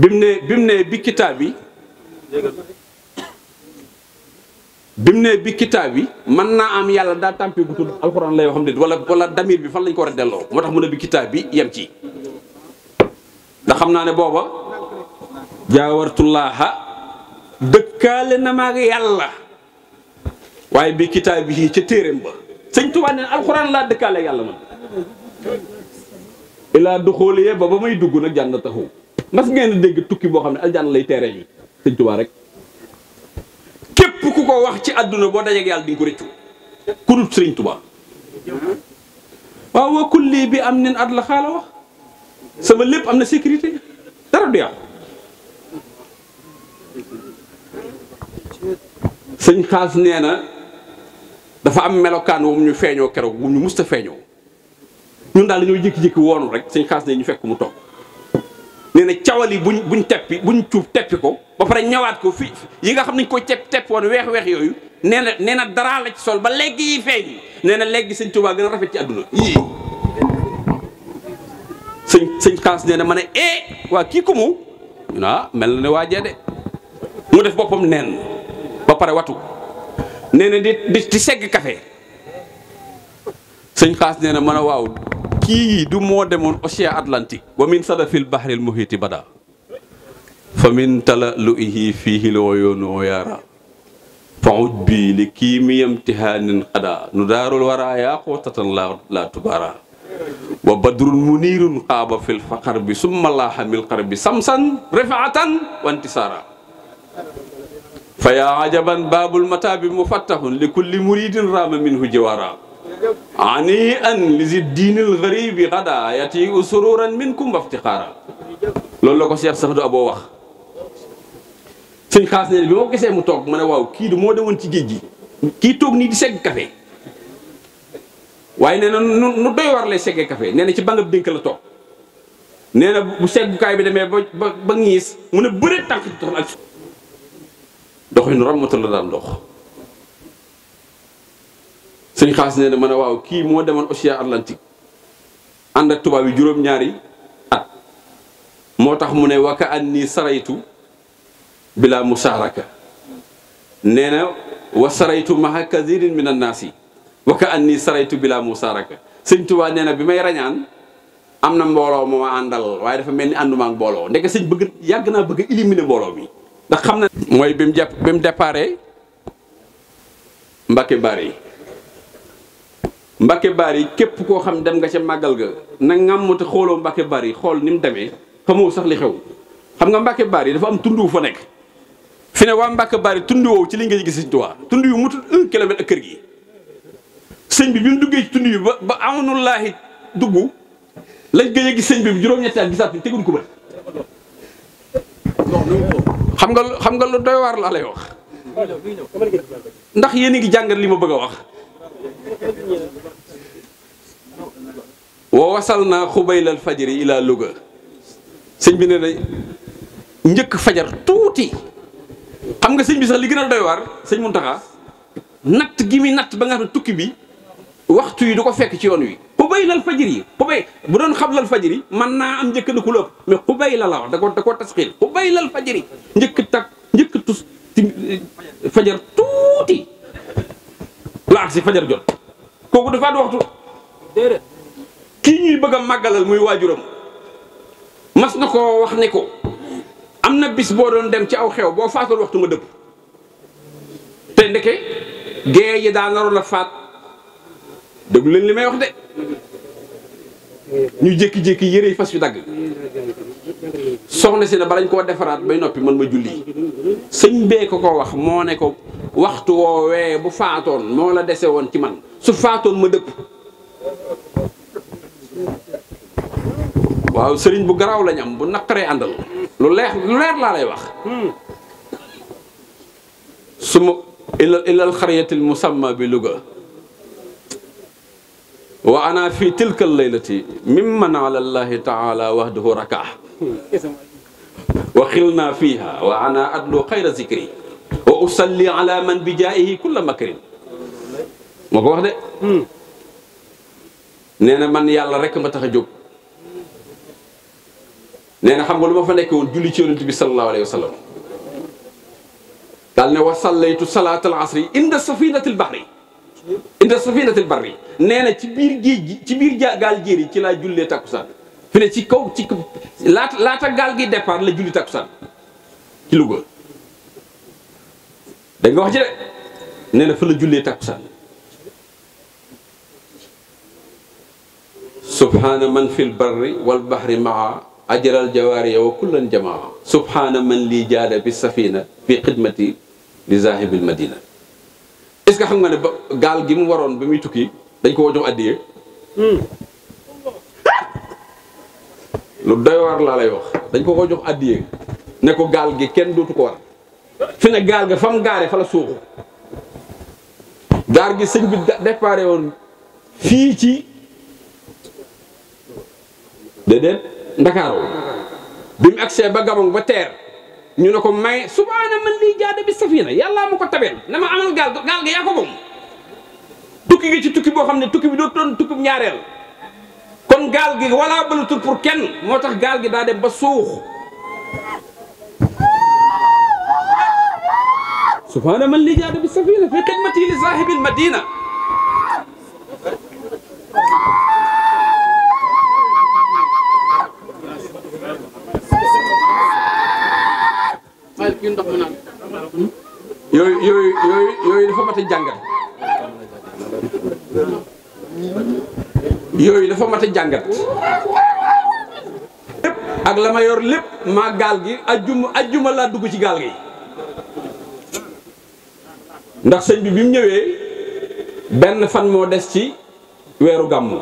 bi mu ne bi mu ne bi kitaab bi bi ne bi kitaab bi mën naa am yàlla daa tàmpe gu tudd alxuraan lay yoo xam ne wala damir bi fan lañ ko war a delloo moo tax mu ne bi kitaab bi yem ci ndax xam naa ne booba jaawartullaaha dëkkaale na maag yàlla waaye bi kitaab bi ca téeréem ba sëñ Tuubaa ne alxuraan laa dëkkaale yàlla man ilaa duxóoliye ba ba may dugg nag taxu mas ngeen dégg tukki boo xam ne aljanna lay teere yi sëñ Tuubaa rek képp ku ko wax ci àdduna boo dajeek yàlla di ko rëccu ku dul sëriñ Tuubaa waaw wa kulli bi am nen at la xaala wax sama lépp am na sécurité dara du yàqu sëñ xaas nee na dafa am melokaan wum ñu feeñoo keroog wum ñu musta feeñoo ñun daal dañoo jékki-jékki woonu rek sëñ xaas ne ñu fekk mu toog nee na cawal yi buñ buñ teppi buñ cuub teppi ko ba pare ñëwaat ko fi yi nga xam nañ ko tepp tepp woon weex weex yooyu nee na nee na daraa la ci sol ba léegi yi feeñ nee na léegi sëñ Tuubaa gën rafet ci àdduna yii sëñ sëñ xaas nee na ma ne eh, waa kii ko mu ñu ah, mel na ne waajee de mu def boppam neen ba pare watu nee na di di segg kafe sëñ xaas nee na mën a waaw kii du moo demoon océan atlantique wa min sadafil bahril muhiti bada fa min tala lu ihi fiihi loo yoonu oo yaara fa ujbi li kii mi imtihaanin xada nu daarul wara yaa xootatan la la tubaara wa badrun muniirun xaaba fil faqar bi summa laaxamil xar bi samsan rifaatan wa intisaara fa yaa ajaban baabul mataabi mufattahun li kulli muridin raama minhu jawaara ani an li si diinil garibi xada yati u sururan minkum waftixaara loolu la ko Cheikh Saxdu Abo wax sëñ xaas ne bi ma ko gisee mu toog ma ne waaw kii du moo demoon ci géej gi kii toog nii di segg café waaye nee na nu doy war lay seggee kafe nee na ci bangab dénk la toog nee na bu seggukaay bi demee ba ba ngiis mu ne bëre tànk ci dox ak doxin rom matal la daan dox sëñ xaas nee na ma ne waaw kii moo demoon Océan Atlantique ànd ak tubaab yi juróom-ñaari at moo tax mu ne wa ka nii saraytu bila musaaraka nee na wa saraytu maha kathirin min annaasi wa ka an nii saraytu bila musaaraka sëñ tubaa nee na bi may rañaan am na mbooloo moo ma àndal waaye dafa mel ni ànduma mbooloo ndeke sëñ bëgg yàgg naa bëgg éliminer mbooloo mi ndax xam na mooy bi mu jàpp bi mu déparé Mbacke Bari Mbacke yi képp koo xam dem nga ca màggal ga na ngàmm te xooloo Mbacke yi xool ni mu demee xamoo sax li xew xam nga baar yi dafa am tund wu fa nekk fi ne waa Mbacke Bari tund woowu ci li nga gis Sëñ Tuubaa tund yu mutul un kilomètre ak kër gi sëñ bi bi mu duggee ci tund yu ba ba amunullaahi dugg lañ gëj a gis sëñ bi bu juróom-ñetti at gisaat bi teguñ ko bët xam nga xam nga lu doy waar laa lay wax ndax yéen a ngi jàngat li ma bëgg a wax wa wasal naa xubaylal fajri laa Louga sëñ bi ne na njëkk fajar tuuti xam nga sëñ bi sax li gën a doy waar sëñ Muntaxa natt gi muy natt ba nga xam ne tukki bi waxtu yi du ko fekk ci yoon wi xubaylal fajir yi xubay bu doon lal xablal yi mën naa am njëkk na ku lépp mais xubayla la wax da ko da koo tasxiil xubaylal fajri njëkk tak njëkk tus fajar tuuti la agsi fajar jot kooku dafa at waxtu kii ñuy bëgg a màggalal muy waajuram mas na ko wax ne ko am na bis boo doon dem ci aw xew boo faatoon waxtu ma dëpp te ndeke gee yi daa naroon a faat déglu leen li may wax de ñu jékki-jékki yëre yi fas yu dagg soxna si ne ba balañ koo defaraat bay noppi man ma julli sëñ bee ko ko wax moo ne ko waxtu woowee bu faatoon moo la dese woon ci man su faatoon ma dëpp waaw sëriñ bu garaaw lañ am bu naqaree àndal lu leer lu leer laa lay wax hmm. ila ilal xariyatil bi Louga wa ana fi tilka laylati mimman ala llahi taala wahdahu rakaa hmm. wa xil naa fiiha wa ana adlu xayra zikri wa usalli ala man bi jaayihi kulla makrin moo ko wax de hmm. nee na man yàlla rek ma tax a jóg nee na xam nga lu ma fa nekke woon julli ci yonent bi sallallahu alayhi wa sallam daal ne wa sallaytu salaat al asri inda safinati al bahri inda safinati al barri nee na ci biir géej gi ci biir gaal jéer ci laa jullee takkusaan fi ci kaw ci gaal gi départ la julli takkusaan ci dégg nga wax ji nee na fa la jullee takkusaan subhaana man fil barri wal bahri maa ajral jawaariya wa kullan jamaa subhaana man lii jaada bi safina fi xidmati li zaahibil madina est-ce xam nga ne gaal gi mu waroon ba muy tukki dañ ko jox addiye lu doy war laa lay wax dañ ko ko jox addiye ne ko gaal gi kenn dootu ko war fi ne gaal ga fa mu gaare fa la suuxu gaar gi sëñ bi déparé woon fii ci déedéet ndakaaru bi mu agsee ba Gabon ba teer ñu ne ko may subaana ma liy jaada bi safina yàlla ma ko tabeel na ma amal gaal gaal ga yaa ko moom tukki gi ci tukki boo xam ne tukki bi doo doon tukki ñaareel kon gaal gi walaa bëlatul pour kenn moo tax gaal gi daa dem ba suux سبحان من اللي جاد بالسفينة في خدمتي لصاحب المدينة yooyu yooyu yooyu yooyu dafa mat a jàngal yooyu dafa mat a jàngat lépp ak la ma yor lépp maa gaal gi ajjuma ajjuma laa dugg ci gaal gi ndax sëñ bi bi mu ñëwee benn fan moo des ci weeru gàmmu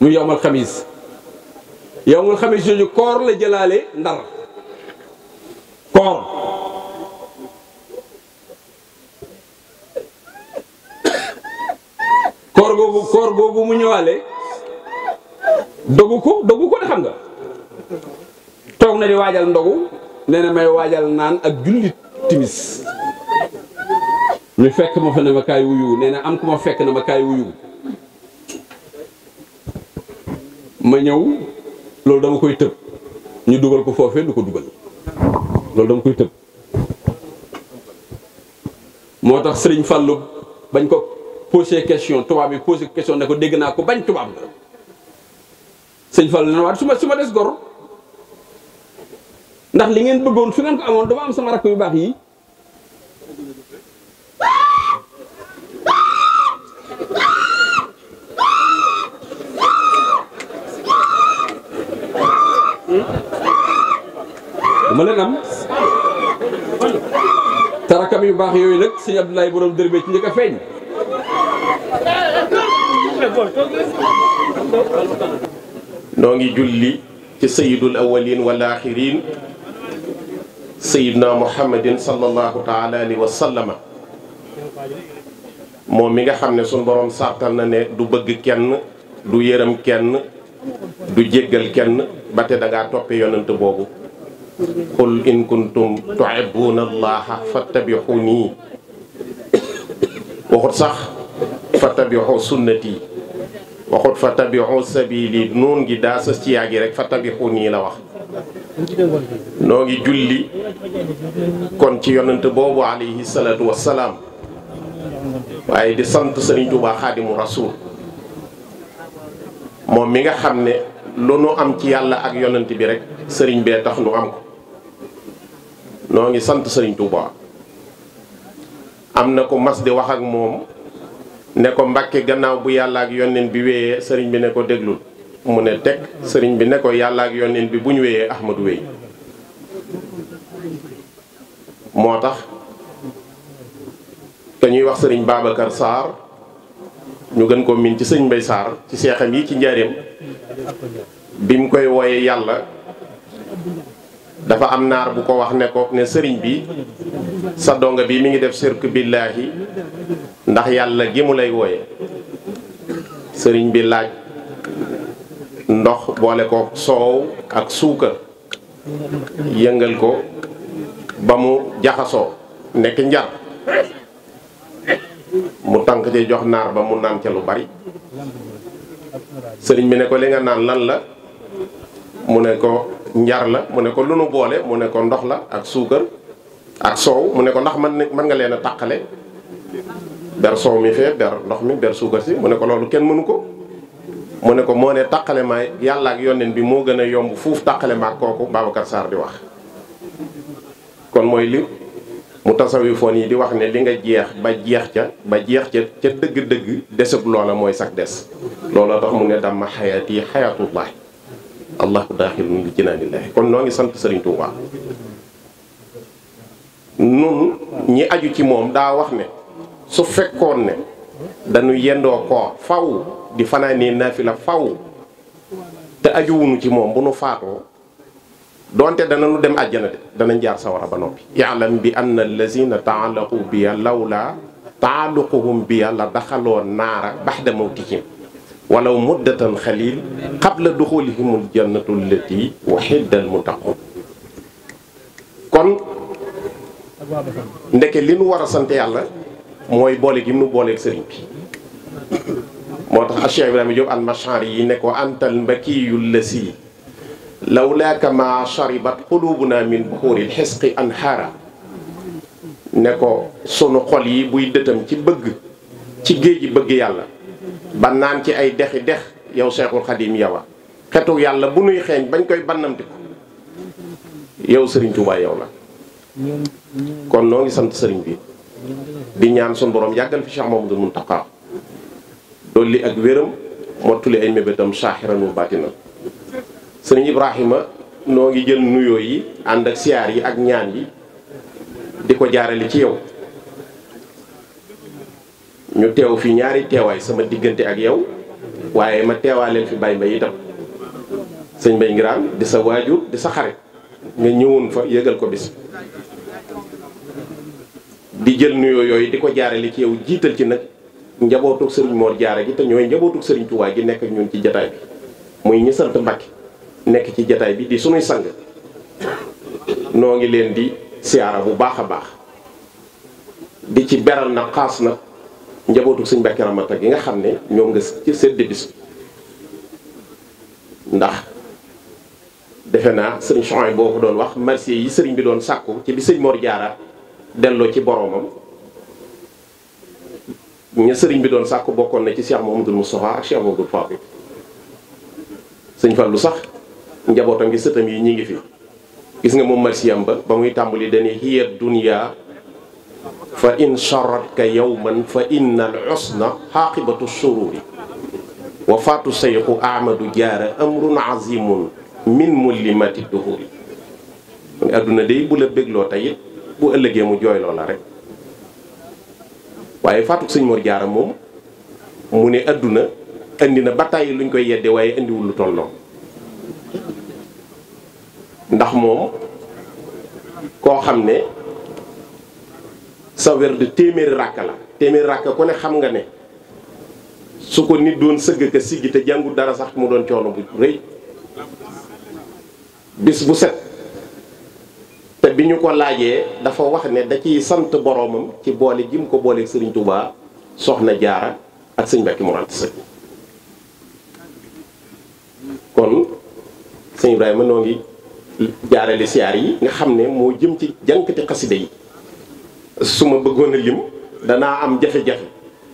mu yowmal xamis yowmal xamis jooju koor la jëlaale ndar koor koor googu koor googu mu ñëwaale dogu ko dogu ko de xam nga toog na di waajal ndogu nee na may waajal naan ak jullit timis ñu fekk ma fa ne ma kaay wuyu nee na am ku ma fekk na ma kaay wuyu ma ñëw loolu dama koy tëb ñu dugal ko foofee du ko dugal loolu dama koy tëb moo tax sëriñ Fàllu bañ ko posé question tubaab bi pose question ne ko dégg naa ko bañ tubaab la sëriñ Fàllu ne waat su ma su ma des gor ndax li ngeen bëggoon su ngeen ko amoon dama am sama rakk yu baax yi ma leen am tarakam yu baax yooyu nag sëñ Abdoulaye borom dërbe ci njëkk a feeñ noo ngi julli ci sayidul awalin wal axirin sayidna muhammadin sallallahu taala alayhi sallama moom mi nga xam ne suñ boroom sartal na ne du bëgg kenn du yërëm kenn du jéggal kenn ba te dangaa toppe yonent boobu qul in kuntum tuhibbuuna allaha fattabi'uuni waxut sax fattabi'u sunnati waxut fattabi'u sabili noon gi daa sës ci yaa gi rek fattabi'uuni la wax noo ngi julli kon ci yonent boobu alayhi salaatu wassalaam waaye di sant sëriñ Touba Xaadimu Rasuul moom mi nga xam ne lu nu am ci yàlla ak yonent bi rek sëriñ bee tax nu am ko noo ngi sant sëriñ Touba am na ko mas di wax ak moom ne ko mbàkke gannaaw bu yàlla ak yoneen bi wéyee sëriñ bi ne ko déglul mu ne teg sëriñ bi ne ko yàlla ak yoneen bi bu ñu wéyee Ahmadu wéy moo tax te ñuy wax sëriñ Babacar Sarr ñu gën ko miin ci sëriñ bay Sarr ci seexam yi ci njaareem bi mu koy wooyee yàlla dafa am naar bu ko wax ne ko ne sëriñ bi sa donga bi mi ngi def sirk billaahi ndax yàlla gi mu lay wooye sëriñ bi laaj ndox boole ko soow ak suukar yëngal ko ba mu jaxasoo nekk njar mu tànk ci jox naar ba mu naan ca lu bari sëriñ bi ne ko li nga naan lan la mu ne ko njar la mu ne ko lu nu boole mu ne ko ndox la ak suukar ak soow mu ne ko ndax man nga leen a tàqale ber soow mi fee ber ndox mi ber suukar si mu ne ko loolu kenn mënu ko mu ne ko moo ne tàqale yàlla ak yonent bi moo gën a yomb fuuf tàqale kooku Babacar saar di wax kon mooy li mu tasawi foon yi di wax ne li nga jeex ba jeex ca ba jeex ca ca dëgg-dëgg desub loola mooy sax des loola tax mu ne dama xayaat yi xayaatullah allahu daaxilun li jinaanillaahi kon noo ngi sant sëriñ Tuubaa nun ñi aju ci moom daa wax ne su fekkoon ne dañu yendoo koor faw di fanaanee naafila faw te ajuwunu ci moom bu nu faatoo donte dananu dem àjjana de danañ jaar sawara ba noppi yaalam bi anna allazina taallaqu biya lawla taalluquhum biya la daxaloo naara baxda mawtihim walaw muddatan xalil qabla duxulihimul jannatu allati mu muttaqun kon ndeke li nu war a sant yàlla mooy boole gi nu booleeg sëriñ bi moo tax Cheikh Ibrahima Diop al machar yi ne ko antal mbakiyul lasi lawlaaka ma sharibat qulubuna min buxuril xisqi anhaara ne ko sunu xol yi buy dëtam ci bëgg ci géej gi bëgg yàlla ba naan ci ay dexi dex yow seexul xadim yow a xetu yàlla bu nuy xeeñ bañ koy bannamti ko yow sëriñ Touba yow la kon noo ngi sant sëriñ bi di ñaan sun borom yàggal fi Cheikh Mamadou Mountakha dolli ak wéram mottuli ay mébétam saaxiran wa baatinan sëriñ Ibrahima noo ngi jël nuyoo yi ànd ak siyaar yi ak ñaan yi di ko jaarale ci yow ñu teew fi ñaari teewaay sama diggante ak yow waaye ma teewaaleel fi Baye mbay itam sëñ Mbaye Ngiraan di sa waajur di sa xarit nga ñëwoon fa yëgal ko bis di jël nuyoo yooyu di ko jaarale ci yow jiital ci nag njabootug sëriñ Mor Jaara gi te ñooy njabootug sëriñ Tuubaa gi nekk ak ñun ci jataay bi muy ñi sant Mbàkke nekk ci jataay bi di sunuy sang noo ngi leen di siyaara bu baax a baax di ci beral na xaas na njabootu sëñ Mbàkke Ramata yi nga xam ne ñoom nga ci sedd bis ndax defe naa sëriñ Chouaib boo ko doon wax marché yi sëriñ bi doon sàkku ci bi sëñ Mor Jaara delloo ci boroomam ña sëriñ bi doon sàkku bokkoon na ci Cheikh Mouhamadou Moustapha ak Cheikh Mouhamadou Fadil sëñ Fallou sax njabootam ngi sëtam yi ñi ngi fi gis nga moom marché ba ba muy tàmbali dañuy xiyat dunya fa in sarratka yawman fa inna al usna xaaqibatu sururi wafaatu sayxu ahmadu jaara amrun azimun min mullimati duhuri mu ëllëgee mu jooyloo la rek waaye faatuk sëñ Mor Jaara moom mu ne àdduna indi na bataay luñ koy yedde waaye indiwul lu tolloo ndax moom koo xam ne sa wér di téeméeri ràkk la téeméeri ràkk ku ne xam nga ne su ko nit doon sëgg ka siggi te jàngul dara sax mu doon coono bu rëy bis bu set te bi ñu ko laajee dafa wax ne da ciy sant boroomam ci boole ji ko booleeg sëriñ Touba soxna jaara ak sëñ Mbàkke Mor Anta Sali kon sëñ Ibrahima noo ngi jaarale yi nga xam ne moo jëm ci jànkati xasida yi su ma bëggoon a lim danaa am jafe-jafe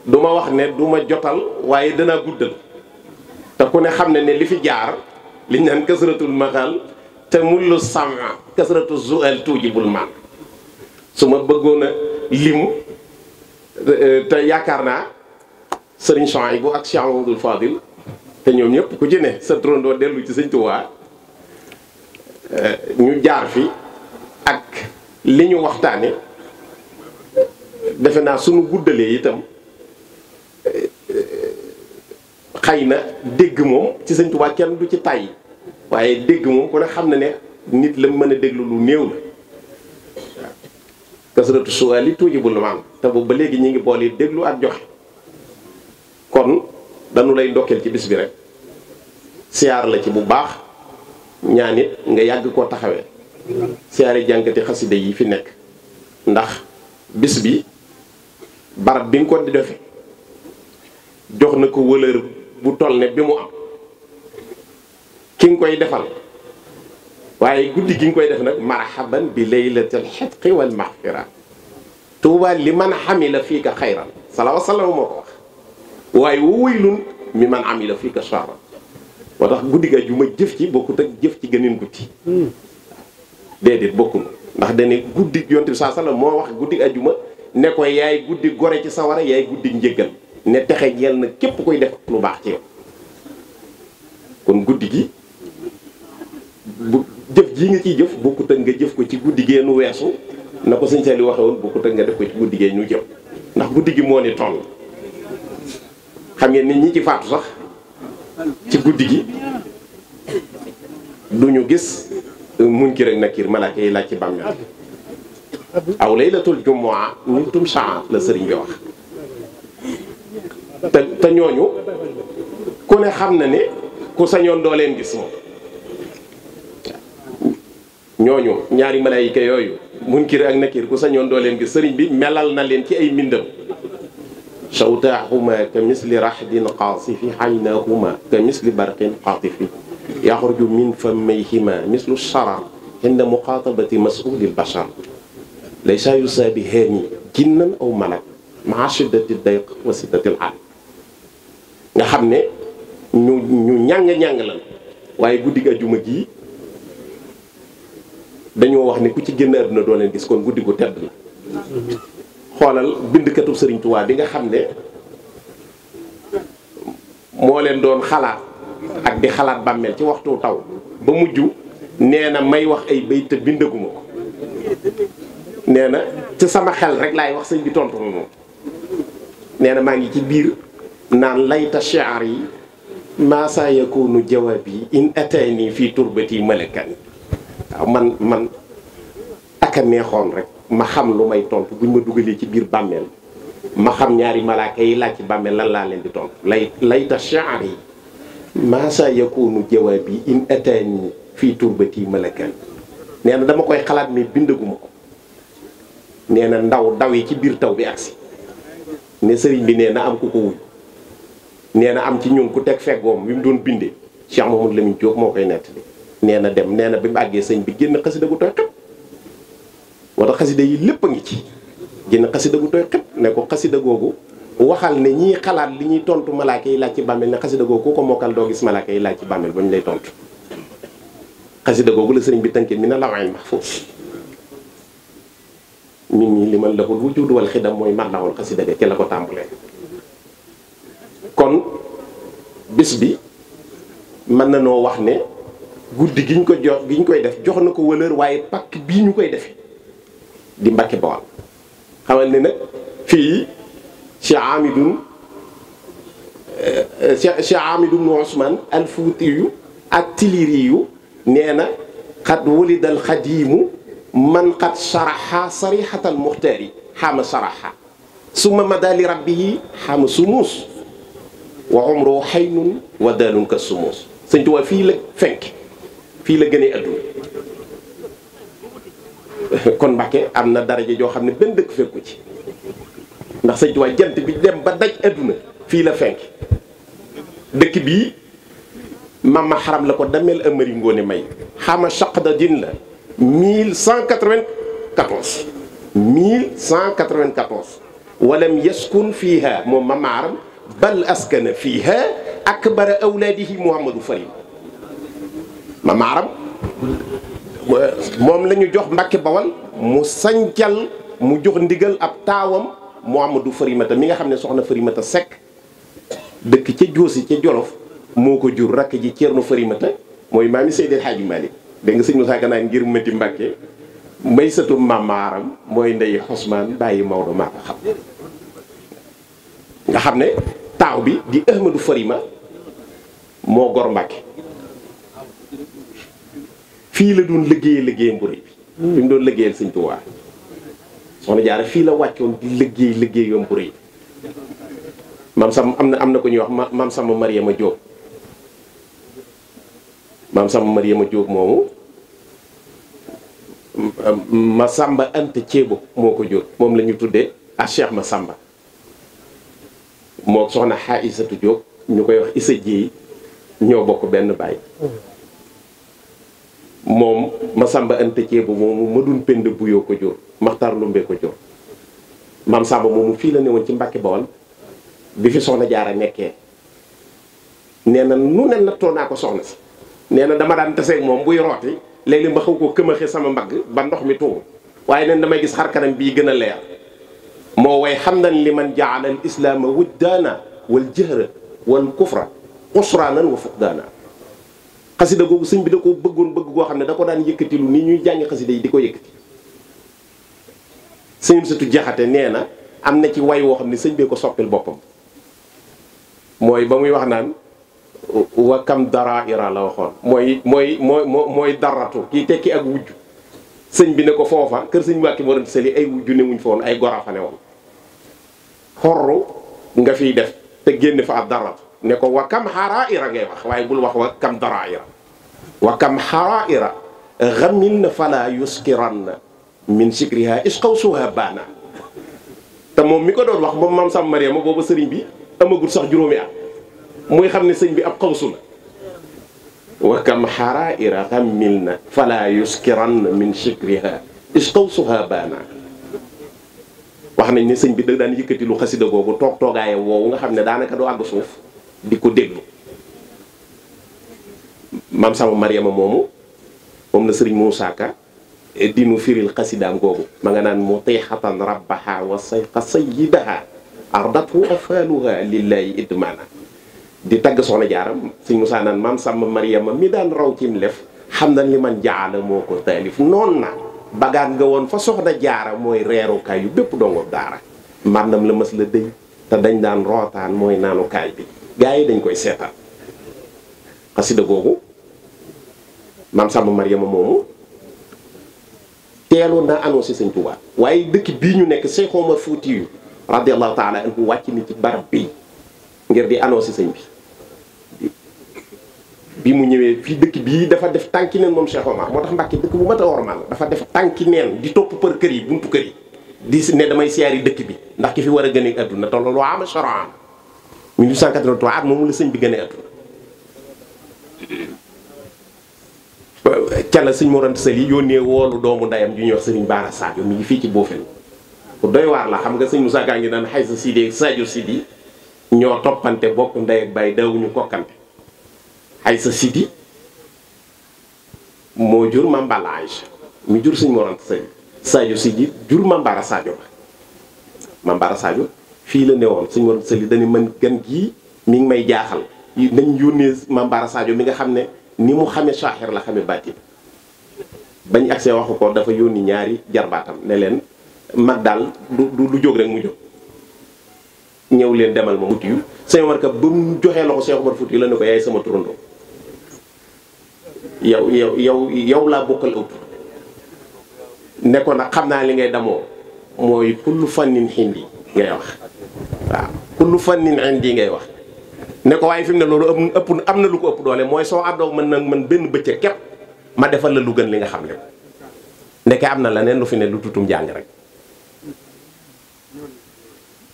du ma wax ne du ma jotal waaye danaa guddal te ku ne xam ne ne li fi jaar liñ naan kasratul maxal te mullu sama kasratu zual tuujibul man su ma bëggoon a lim te yaakaar naa sëriñ Souhaïbou ak Cheikh Mamadou Fadil te ñoom ñëpp ku ci sa trondoo dellu ci sëñ Tuubaa eh, ñu jaar fi ak li ñu waxtaane defe naa sunu guddalee itam xëy na dégg moom ci sëñ Tuubaa kenn du ci tàyyi waaye dégg moom ku ne xam na ne nit la mën a déglu lu néew la waaw kasratu suwaali tuujibul maam te boobu ba léegi ñu ngi boole déglu ak joxe kon dañu lay ndokkeel ci bis bi rek siyaar la ci bu baax ñaan it nga yàgg koo taxawee siyaari jànkati xasida yi fi nekk ndax bis bi barab bi nga ko di defee jox na ko wëlër bu toll ne bi mu am ki nga koy defal waaye guddi gi nga koy def nag marhaban bi laylatil xitqi wal maxfira tuuba li man xamila fii ka xayran salaawa salaam moo ko wax waaye wawaylun mi man amila fii ka charran moo tax guddi ga ju ma jëf ci bokkut ak jëf ci gëneen guddi hmm. déedéet bokkul ndax dane guddi yonte bi saa sallam moo wax guddi ajuma ne ko yaay guddi gore ci sawara yaay guddi njëggal ne texe ñeel na képp koy def lu baax ci yow kon guddi gi bu jëf jii nga ciy jëf bokkut ak nga jëf ko ci guddi gee nu weesu na ko sëñ Saliou waxe woon bokkut nga def ko guddi gee ñu jëw ndax guddi gi moo ni toll xam ngeen nit ñi ci faatu sax ci guddi gi du ñu gis munkir nak nakir malaaka yi laaj ci bàmmeel aw laylatul jumuwa mintum saa la sëriñ bi wax te te ñooñu ku ne xam na ne ku sañoon doo leen gis moom ñooñu ñaari malaayika yooyu munkir ak nakir ku sañoon doo leen gis sëriñ bi melal na leen ci ay mbindam sawtaahuma ka misli rahdin qaasifi aynahuma ka misli barqin qaatifi yaxruju min famayhima mislu sharar inda muqaatabati masuulil bashar laysa yusaabihaani jinnan aw malak maa shiddati dayq wa siddatil aal nga xam ne ñu ñàng-ñàng lan waaye guddig ajuma gii dañoo wax ne ku ci génn àdduna doo leen gis kon guddi gu tedd la xoolal bindkatub Sëriñ Tuubaa bi nga xam ne moo leen doon xalaat ak di xalaat bàmmeel ci waxtu taw ba mujj nee na may wax ay bayt te bindaguma ko nee na ci sama xel rek laay wax sëñ bi tontu ma moom maa ngi ci biir naan layta shi'ar yi maa saa yakunu jawaab yi in atani fii turbati malakan waaw man man ak a rek ma xam lu may tontu buñ ma dugalee ci biir bàmmeel ma ñaari malaaka yi laaj ci bàmmeel lan laa leen di tontu lay layta shi'ar yi maa saa yakunu jawaab yi fii turbati malakan nee dama koy xalaat mi bindaguma ko nee na ndaw daw yi ci biir taw bi agsi ne sëriñ bi nee na am ku ko wuy nee na am ci ñun ku teg feggoom wi mu doon bindee Cheikh Mouhamadou Lamine Diop moo koy nettali nee na dem nee na bi mu àggee sëñ bi génn xasida gu tooy xëpp moo xasida yi lépp a ngi ci génn xasida gu tooy xëpp ne ko xasida googu waxal ne ñiy xalaat li ñuy tontu malaaka yi laaj ci bàmmeel ne xasida googu ku ko mokkal doo gis malaaka yi laaj ci bàmmeel ba ñu lay tont xasida googu la sëriñ bi tënkee mi na lawaayal mahfuus nit ñi li man lahul wujud wal xidam mooy màllaawal xasida ga ci la ko tàmbalee kon bis bi mën na noo wax ne guddi giñ ko jox giñ koy def jox na ko wëlër waaye pakk bii ñu koy defee di Mbàkke Bawal xamal ne nag fii Cheikh Amidou euh, euh, Cheikh Cheikh Amidou mu Ousmane alfuuti yu ak tiliri yu nee na xat walidal xadiimu man qad sharaxa sarixatal muxtaari xaama sharaxa summa madaali rabbihi xaama sumuus wa umru xaynun wa daalun ka sumuus sëñ Tuubaa fii la fenk fii la gënee adduna kon Mbàkke am na daraja joo xam ne benn dëkk fekku ci ndax sëñ Tuubaa jant bi dem ba daj adduna fii la fenk dëkk bii mama xaram la ko dameel amari ngoone may xaama shaq da din la 1194 1194 walam yaskun fiiha moom ma maaram bal askana fiiha akbara awlaadihi Mouhamadou Farid ma maaram moom la jox Mbàkke Bawal mu sancal mu jox ndigal ab taawam Mouhamadou Farimata mi nga xam ne soxna Farimata Seck dëkk ca Joosi ca Jolof moo ko jur rakk ji Ceerno Farimata mooy maami Seydi El dégg nga sëñ Moussa Ka naan ngir métti Mbàkke may sëtu mamaaram mooy ndey Xosmaan bàyyi Maodo maa ko xam nga xam ne taaw bi di Ahmadou Farima moo gor Mbàkke fii la doon liggéeyee liggéeyam bu rëy bi bi mu doon liggéeyal sëñ Tuubaa soxna Jaara fii la wàccoon di liggéey liggéeyam bu rëy bi maam sama am na am na ko ñuy wax maam sama Mariama Jóob maam Samba Mariama Diop moomu ma Samba Anta Ceebo moo ko jur moom la tuddee a Cheikh ma Samba moo soxna xaa Isatu Diop ñu koy wax Isa ji ñoo bokk benn baay moom ma Samba Anta Ceebo moomu ma dun pend bu ko jur Maxtaar Lumbe ko jur maam Samba moomu fii la ne woon ci Mbàkke Bawol bi fi soxna jaara nekkee nee na nu ne nattoo naa ko soxna si nee na dama daan taseeg moom buy rooti léeg-léeg ma xaw ko këmaxe sama mag ba ndox mi tuur waaye neen damay gis xar kanam bii gën a leer moo way xam nan li man jaala al islaama wujdaana wal jëhra wal kufra usraanan wa fuqdaana xasida googu sëñ bi da ko bëggoon bëgg goo xam ne da ko daan yëkkati lu ni ñuy jàng xasida yi di ko yëkkati sëñum satu jaxate nee na am na ci way woo xam ne sëñ bee ko soppil boppam mooy ba muy wax naan wa kam daraira la waxoon mooy mooy mooy mooy daratu kii tekki ak wujj sëñ bi ne ko foofa kër sëñ Mbàkke Mor Anta Sali ay wujju ne wuñ fa woon ay gora ne woon xorru nga fiy def te génn fa ab daratu ne ko wa kam xaraira ngay wax waaye bul wax wa kam daraira wa kam xaraira xamin fala yuskiranna min sikriha isqaw suha baana te moom mi ko doon wax moom maam Sam Mariama booba sëriñ bi amagul sax juróomi at muy xam ne sëñ bi ab xawsu la wa kam xaraira xammil na fala yuskiranna min shikriha is xawsuha baana wax nañ ne sëñ bi da daan yëkkati lu xasida googu toog toogaaya woowu nga xam ne daanaka du àgg suuf di ko déglu maam sama Mariama moomu moom la sëriñ Moussa Ka eh, di nu firil xasidaam googu ma nga naan mutixatan rabbaha wa sayqa sayidaha ardathu afaaluha lillahi idmana di tagg soxna jaaram suñ Musaa naan maam sàmm Mariama mi daan raw cim lef xam na li man jaala moo ko taalif noon na bagaan nga woon fa soxna jaara mooy reerukaay yu bépp dongo daara maanaam la mas la dëñ te dañ daan rootaan mooy naanukaay bi gars yi dañ koy seetal seetaan xasida googu maam sàmm Mariama moomu teeloon naa annoncé sëñ Tuubaa waaye dëkk bii ñu nekk Seex Omar Fuutiyu radiyallahu taala anhu wàcc ni ci barab bii ngir di annoncé sañ bi bi mu ñëwee fii dëkk bii dafa def tànki neen moom Cheikh Omar moo tax Mbàkke dëkk bu mat a wormaal dafa def tànki neen di topp për kër yi buntu kër yi di ne damay siyaari dëkk bi ndax ki fi war a gën a adduna te loolu ama charan 1883 at moom la sëñ bi gën a adduna ca la sëñ Mor yónnee woolu doomu ndayam ju ñuy wax sëriñ Baara Sadio mi ngi fii ci Boofel ku doy waar la xam nga sëñ Moussa Ka ngi naan xay sa Sidi Sadio Sidi ñoo toppante bokk ndey ak bàyyi daawuñu kokkante Aïssa Sidi moo jur Mame Balla jur suñu morant sëñ Sadio Sidi jur Mame Bara Sadio ba Mame fii la newoon suñu morant sëñ dañu mën gan gii mi ngi may jaaxal nañ yónnee Mame Bara Sadio mi nga xam ne ni mu xame saaxir la xamee bàtti bañ agsee waxu ko dafa yónni ñaari jarbaatam ne leen mag daal du du jóg rek mu jóg ñëw leen demal ma mut yu sëñ Omar Ka ba mu joxee loxo Cheikh Omar Fouti la ne ko yaay sama turandoo yow yow yow yow laa bokkal ëpp nekkoon ko nag xam naa li ngay damoo mooy fan kullu fannin xindi ngay wax waaw nii fannin indi ngay wax ne waaye fi mu ne loolu ëpp am na lu ko ëpp doole mooy soo àndoo mën nag mën benn bëccëg képp ma defal la lu gën li nga xam ne ndeke am na leneen lu fi ne lu tutum jàng rek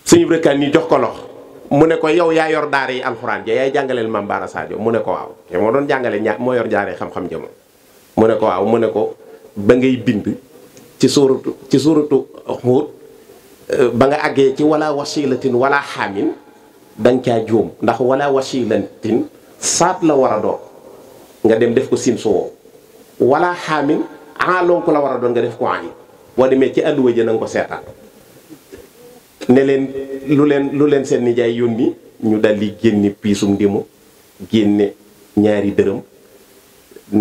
suñu rëkkaan ni jox ko lox mu ne ko yow yaa yor daara yi alxuraan ja yaay jàngaleel maam Baara Sadio mu ne ko waaw te moo doon jàngale ña moo yor daara yi xam-xam ja moom mu ne ko waaw mu ne ko ba ngay bind ci suuratu ci euh, ba nga àggee ci wala wasilatin wala xaamin danga caa juum ndax wala wasilatin saat la war a doon nga dem def ko sin suwoo wala xaamin aalonku la war doon nga def ko ani boo demee ci àlluwa ja na ko seetaan ne leen lu leen lu leen seen nijaay yoon yónni ñu dal di génne piisum ndimo génne ñaari dërëm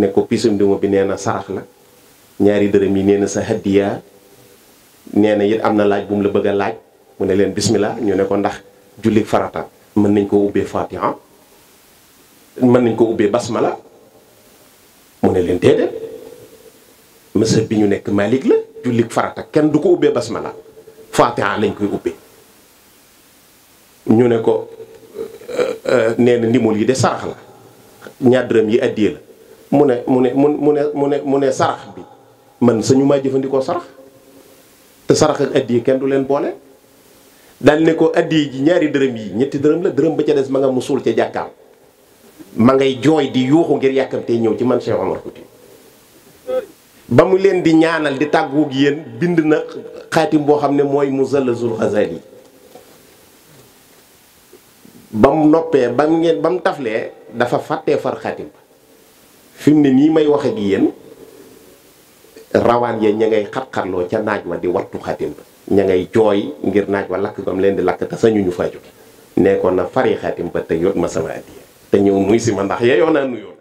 ne ko piisum ndimo bi nee na sarax la ñaari dërëm yi nee na sa hadiya nee na it am na laaj bu mu la bëgg laaj mu ne leen bismillah ñu ne ko ndax julli farata mën nañ koo ubbee fatiha mën nañ ko ubbee basmala mu ne leen déedéet mësa bi ñu nekk malik la julli farata kenn du ko ubbee basmala fatiha lañ koy ubbi ñu ne ko euh, euh, nee na ndimul yi de sarax la ñaar dërëm yi addiye la mu ne mu ne mu ne mu ne mu ne sarax bi man sañu maa jëfandikoo sarax te sarax ak addiye kenn du leen boole daal ne ko addiye ji ñaari dërëm yi ñetti dërëm la dërëm ba ca des ma nga mu suul ca jàkkaam ma ngay jooy di yuuxu ngir yàkkamtee ñëw ci man Cheikh Omar Fouti ba mu leen di ñaanal di tàgguwug yéen bind na xaatim boo xam ne mooy Musalazul Ghazali ba mu noppee ba mu ngeen ba mu taflee dafa fàttee far xaatim ba fi ne nii may wax ak yéen rawaan ya ña ngay xat-xatloo ca naaj wa di wattu xaatim ba ña ngay jooy ngir naaj wa lakk gam leen di lakk te sañu ñu faa nekkoon na fari xaatim ba te yóot ma sama addiya te ñëw nuy si ma ndax yeyoo naa nuyoon